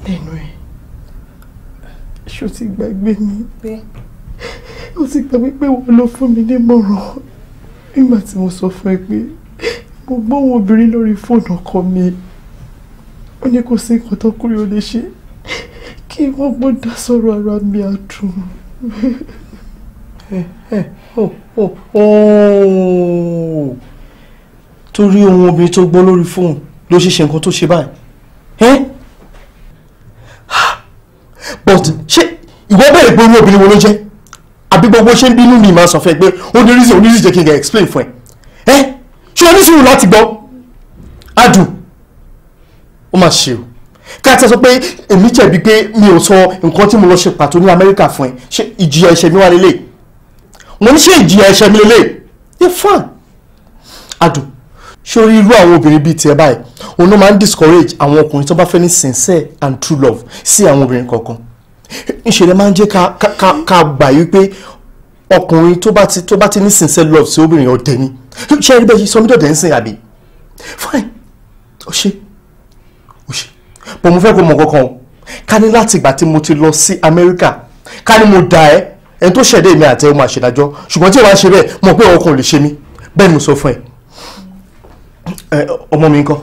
lẹ́nu ẹ̀ ṣó ti gbàgbé mi ó ti gbàgbé pé wọ́n ló fún mi nímọ̀ràn nígbà tí mo sọ fún ẹ pé mo gbóhùn obìnrin lórí fóònù ọkọ mi ó ní kò sí nǹkan tó kúrò lè ṣe kí wọ́n gbọ́dọ̀ sọ̀rọ̀ ara mi àdùn torí ohun obìnrin tó gbọ́ lórí fóun ló ṣe ṣe nǹkan tó ṣe báyìí but ṣé ìwọ bẹ̀rẹ̀ pé ohun obìnrin wo ló jẹ́ àbí gbogbo ṣe ń bínú mi máa sọ fẹ́ pé ó ní reason oníṣìí jẹ́ kí n lè explain fún ẹ ṣé o ní sùúrù láti gbọ́ adùn ó máa ṣe o ká tẹ́ sọ pé èmi jẹ̀bi pé mi ò sọ nǹkan tí mo lọ ṣe pàtó ní Amẹ́ríkà fún ẹ ṣé ìjìyà ìṣẹ̀mí wa lélẹ́yìí mo ní ṣé ìjìyà ẹ̀ṣẹ̀ mi lélẹ̀ yẹ fine adùn sórí irú àwọn obìnrin bíi tiẹ̀ báyìí òun ló máa ń discourage àwọn ọkùnrin tó bá fẹ́ ní sincere and true love sí àwọn obìnrin kọ̀ọ̀kan ìṣẹ̀lẹ̀ máa ń jẹ́ ká ká ká gbà yí pé ọkùnrin tó bá ti tó bá ti ní sincere love sí obìnrin ọ̀dẹ̀ ni ṣé ẹ rí bẹ́ẹ̀ sọ mí dọ̀dẹ̀ ń sìn àbí fine ó ṣe ó ṣe bọ̀ mo fẹ́ kó mọ̀ kankan ká ní láti ìgbà tí mo ti lọ sí Amẹ́ríkà ká ní mo dà ẹ́ ẹni tó ṣẹ̀dá èmi àti ẹ máa ṣèdájọ́ ṣùgbọ́n tí ò bá ṣe bẹ́ẹ̀ mọ̀ pé ọkùnrin lè ṣe mí bẹ́ẹ̀ ni mo sọ fún ẹ ọmọ mi ńkọ́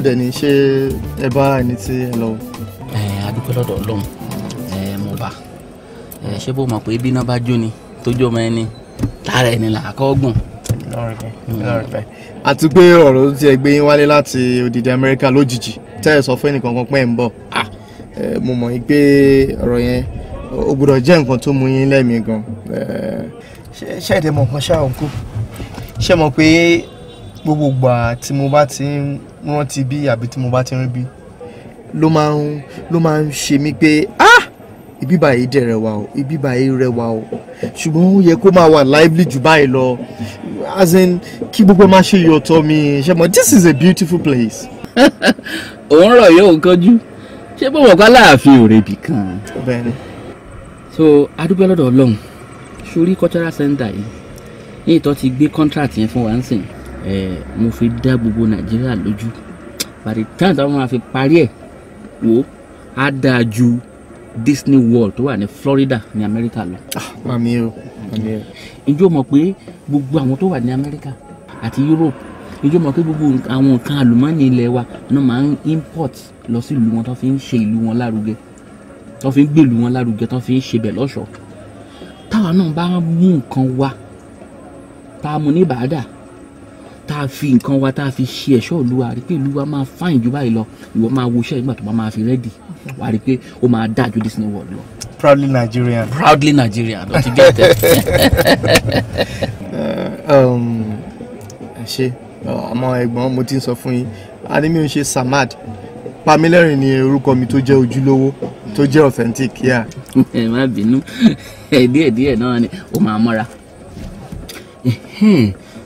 báwo dẹ̀ ni ṣé ẹ bá ẹni tí ẹ lọ. ẹ adúpẹ́ lọ́dọ̀ ọlọ́run ẹ mo bá ẹ ṣé bó mọ̀ pé bí iná bá jó ni tójú ọmọ ẹni lára ẹni là á kọ́ gùn. àti mm. pé ọ̀rọ̀ tí ẹ gbé yín wálé láti odidi amẹ́ríkà lójijì tẹ́ ẹ sọ fún ẹnìkankan pé ẹ ń bọ̀ ah, mo mọ̀ pé ọ̀rọ̀ yẹn ó gbọ́dọ̀ jẹ́ nǹkan tó mú yín lẹ́mìí gan. ṣé ẹ̀dẹ̀ mọ̀ nǹkan ṣáà ń kú ṣé mọ̀ pé gbogbo ìgbà tí mo bá ti ń rántí bí àbí tí mo bá ti rìn bí ló máa ń ló máa ń ṣe mí pé ah ibi báyìí dẹ̀ rẹwà o ibi báyìí rẹwà o ṣùgbọ́n ó yẹ kó máa wà lively jù báyìí lọ as in kí gbogbo máa ṣe yọ̀tọ̀ mi ṣe mọ̀ this is a beautiful place. òun rọ̀ yóò kọjú ṣé bó wọ̀ ká láàfin òrèbì kan. bẹ́ẹ̀ni. so adúgbò lọ́dọ̀ ọlọ́run sórí cultural center yìí ní ìtọ́ ti gbé contract yẹn fún wa ń sìn. Eh, mo fi dá gbogbo nàìjíríà lójú pàdé táwọn táwọn máa fi parí ẹ̀ wò á dáa ju Disney World tó wà ní Florida ní Amẹ́ríkà lọ. Ah, mami o mami o. ǹjẹ́ o mọ̀ pé gbogbo àwọn tó wà ní Amẹ́ríkà àti Europe ǹjẹ́ o mọ̀ pé gbogbo àwọn nǹkan àlùmọ́ọ́nì ilẹ̀ wa náà máa ń import lọ sí ìlú wọn tó fi ń ṣe ìlú wọn lárugẹ tó fi ń gbé ìlú wọn lárugẹ tó fi ń ṣe bẹ̀ lọ́ṣọ̀ọ́ táwa náà bá mú nǹkan wa tá a mú ní bàádà tá a fi nǹkan wa tá a fi ṣe ẹ̀ṣọ́ olúwa rí pé olúwa máa fáyìn ju báyìí lọ ìwọ máa wo iṣẹ́ ìgbà tó bá máa fi rẹ́dì wà á rí pé ó máa dáa ju Disney World lọ. proudly Nigerian. proudly Nigerian ló ti gẹ̀ẹ́tẹ̀. Eh, um, ṣe àmọ́ ẹ̀gbọ́n mo ti ń sọ fún yín adémi ò ń ṣe samad pamílẹ́rìn ni orúkọ mi tó jẹ́ ojúlówó tó jẹ́ authentic yá. ẹ má bínú díẹ̀díẹ̀ náà ni ó máa mọ́ra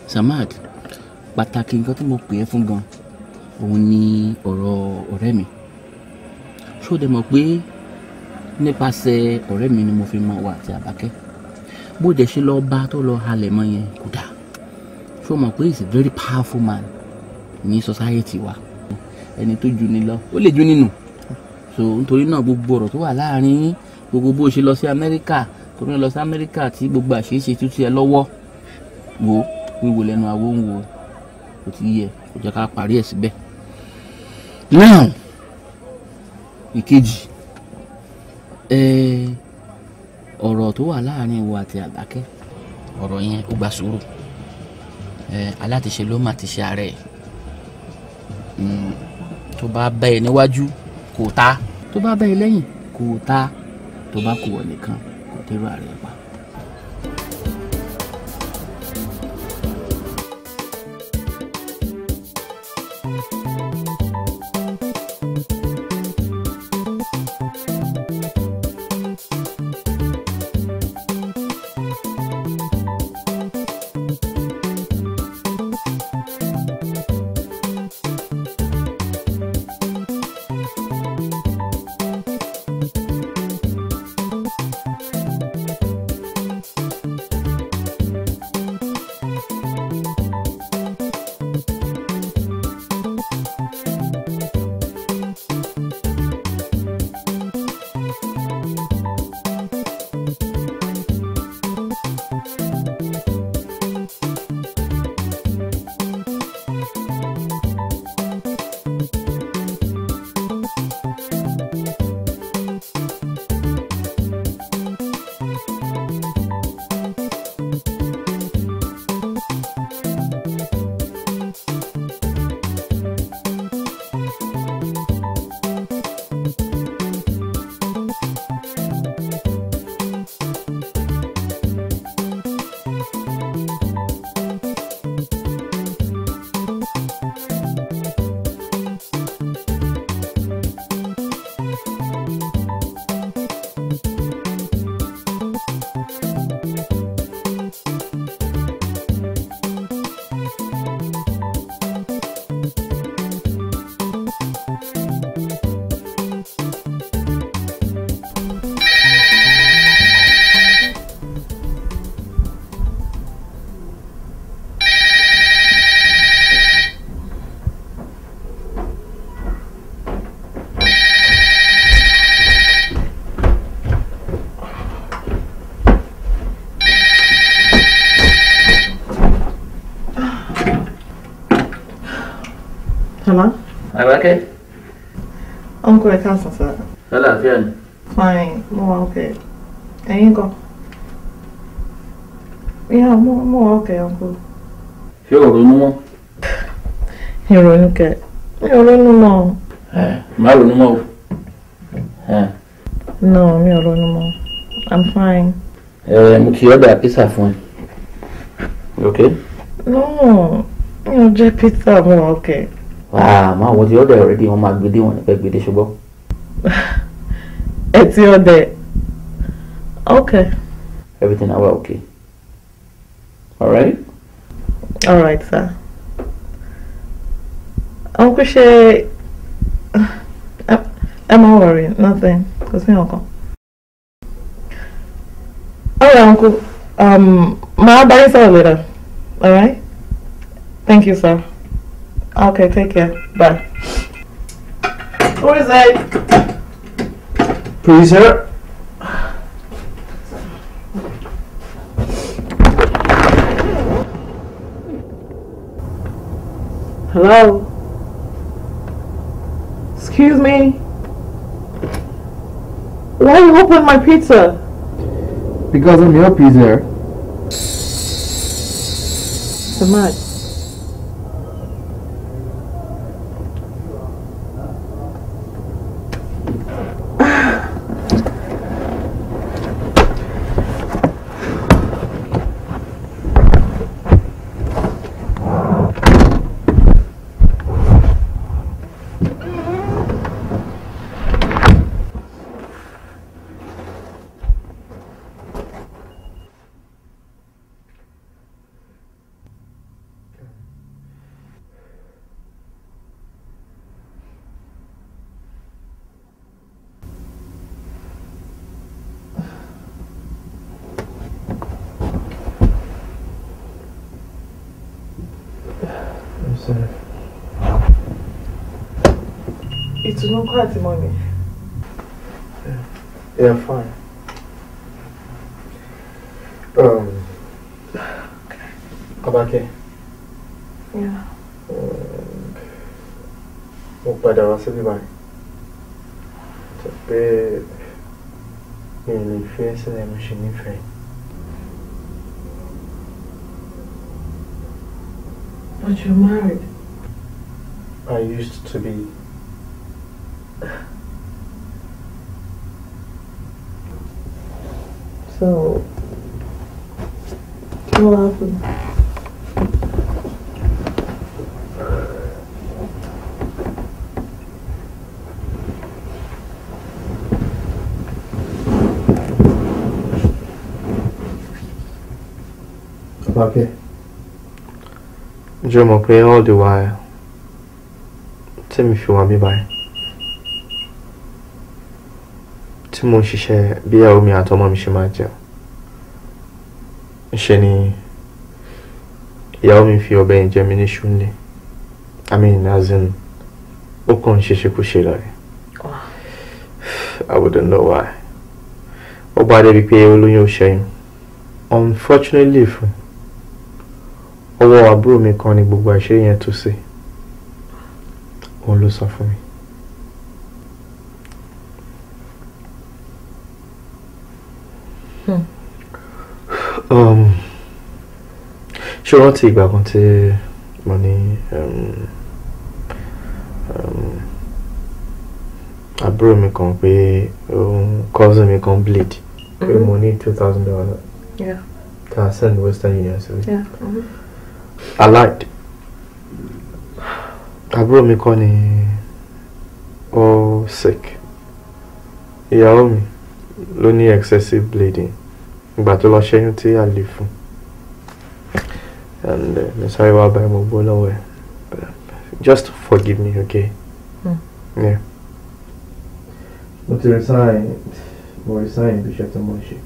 samad pàtàkì nǹkan tí mo pè ẹ́ fún gan òun ni ọ̀rọ̀ ọ̀rẹ́ mi ṣó dẹ̀ mọ̀ pé nípasẹ̀ ọ̀rẹ́ mi ni mo fi mọ wà àti àbákẹ́ bó dẹ̀ ṣe lọ bá tó lọ halẹ̀ mọ́ yẹn kò dáa ṣó mọ̀ pé he's a very powerful man ní society wa ẹni tó ju ni lọ ó lè ju nínú so nítorí náà gbogbo ọ̀rọ̀ tó wà láàrin yín gbogbo bó ṣe lọ sí amẹ́ríkà tó ní lọ sí amẹ́ríkà tí gbogbo àṣeéṣe tútù ẹ lọ́wọ́ wo wíwo lẹ́nu àwọn òun wo kò ti yẹ kò jẹ́ ká parí ẹ̀ síbẹ̀ now ìkejì ọ̀rọ̀ tó wà láàrin ìwọ àti àdákẹ́ ọ̀rọ̀ yẹn ó gba sùúrù alátiṣe ló má ti ṣe ààrẹ tó bá bá ẹ níwájú kò ta tó bá bá ẹ lẹ́yìn kò ta tó bá kù ọ nìkan kò tẹ́rù ààrẹ pa. kú ẹ káàsán sá. lálàáfíà ni. fine mo wà okay ẹ̀yin gan. ìyá mo mo wà okay uncle. ṣé o ronú mọ́. ìrònú kẹ mi ò ronú mọ́. má ronú mọ́ o. no mi ò ronú mọ́ i'm fine. ẹ mo ti ọ̀dà pizza fún ẹ. okay. no mi ò pizza mo wà okay àmọ́ àwọn ti ọ̀dẹ̀ ọ̀rẹ́dì wọn máa gbede wọn nípa gbede ṣùgbọ́n. ẹ ti ọ̀dẹ̀ okay. everything na well okay. all right. all right sir. àwọn kò ṣe ẹ má worry nothing kò sí ọkàn. all right uncle um, máa bá yín sọ̀rọ̀ later all right thank you sir. Okay, take care. Bye. Who is it? Please, sir. Hello? Excuse me? Why you open my pizza? Because I'm your pizza. So much. jẹ́ mọ̀ all the while tẹ́mi fi wà mí báyìí tí mo ń ṣiṣẹ́ bí ìyàwó mi àtọmọ mi ṣe máa jẹun ṣe ni ìyàwó mi fi ọbẹ̀ yẹn jẹ mí I mean as in ó kàn ń ṣe ṣekúṣe lọ I wouldn't know why ó bá débi pé olóyún ó unfortunately fún ọwọ́ àbúrò mi kan ni gbogbo àṣírí yẹn tú sí òun ló sọ fún mi. Hmm. Um, ṣé o rántí ìgbà kan tí mo ní um, um, àbúrò mi kan pé cousin mi kan bleed pé mm-hmm. mo ní two thousand dollars tá a send Western Union sí mi. Uh-huh allied àbúrò mi kọ́ ni ó sick ìyàwó mi ló ní excessive bleeding ìgbà tó lọ ṣẹ́yún tí a lè fún and eh, mi sáré wá báyìí mo gbó lọ́wọ́ ẹ̀ just forgive me okay. Mm. Yeah. mo ti resign mo resign ibi iṣẹ́ tí mo ń ṣe.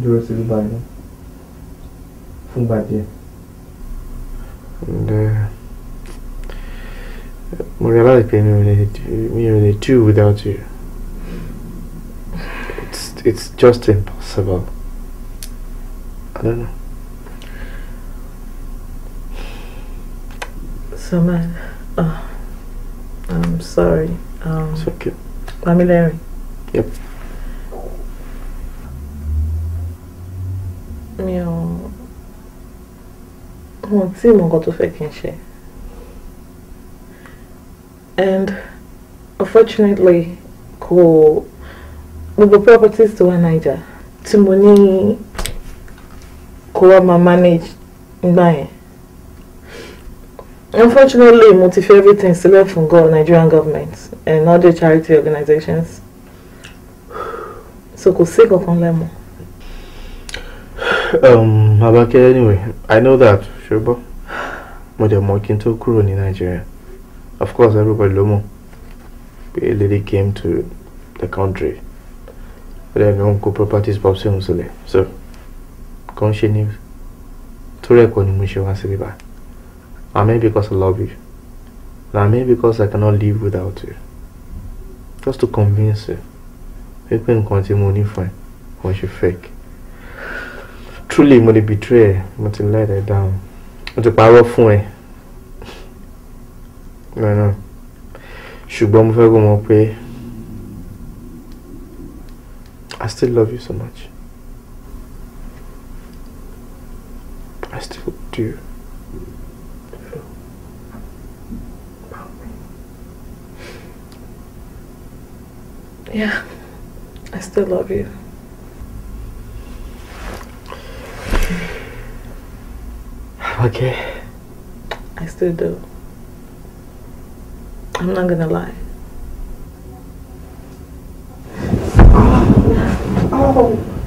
Jurus Dubai no? Fungbadia. And uh, I realized being only you only two without you. It's it's just impossible. I don't know. So man, oh, I'm sorry. Um, it's okay. I'm Larry. Yep. mi ò mo tí mọ nǹkan tó fẹ́ kí n ṣe and unfortunately kò gbogbo properties tó wà naija tí mo ní kó wá máa manage nígbà yẹn unfortunately mo ti fi everything sílẹ̀ fún god nigerian government and other charity organizations so kò sí kankan lẹ́mọ̀ọ́ um, Abake, anyway, I know that, Shobo. Mo dẹ̀ mọ̀ kí n tó kúrò ní Nigeria. Of course, everybody ló mọ̀. A lady came to the country. But then wọ́n kó properties pop sí òun sílẹ̀. So, kàn ṣe ni torí ẹ̀kọ́ ni mo ṣe wá síbí bá. I'm here because I love you. And I'm because I cannot live without you. Just to convince you. Pé pé nǹkan tí mo ní fún ẹ, wọ́n ṣe fake. truly mo to betray ẹ to let it down mo ti parọ́ fún no no ṣùgbọ́n mo fẹ́ kó mọ̀ pé I still love you so much I still do. Yeah, I still love you. fuck it. I still do. I'm not gonna lie. Oh. oh.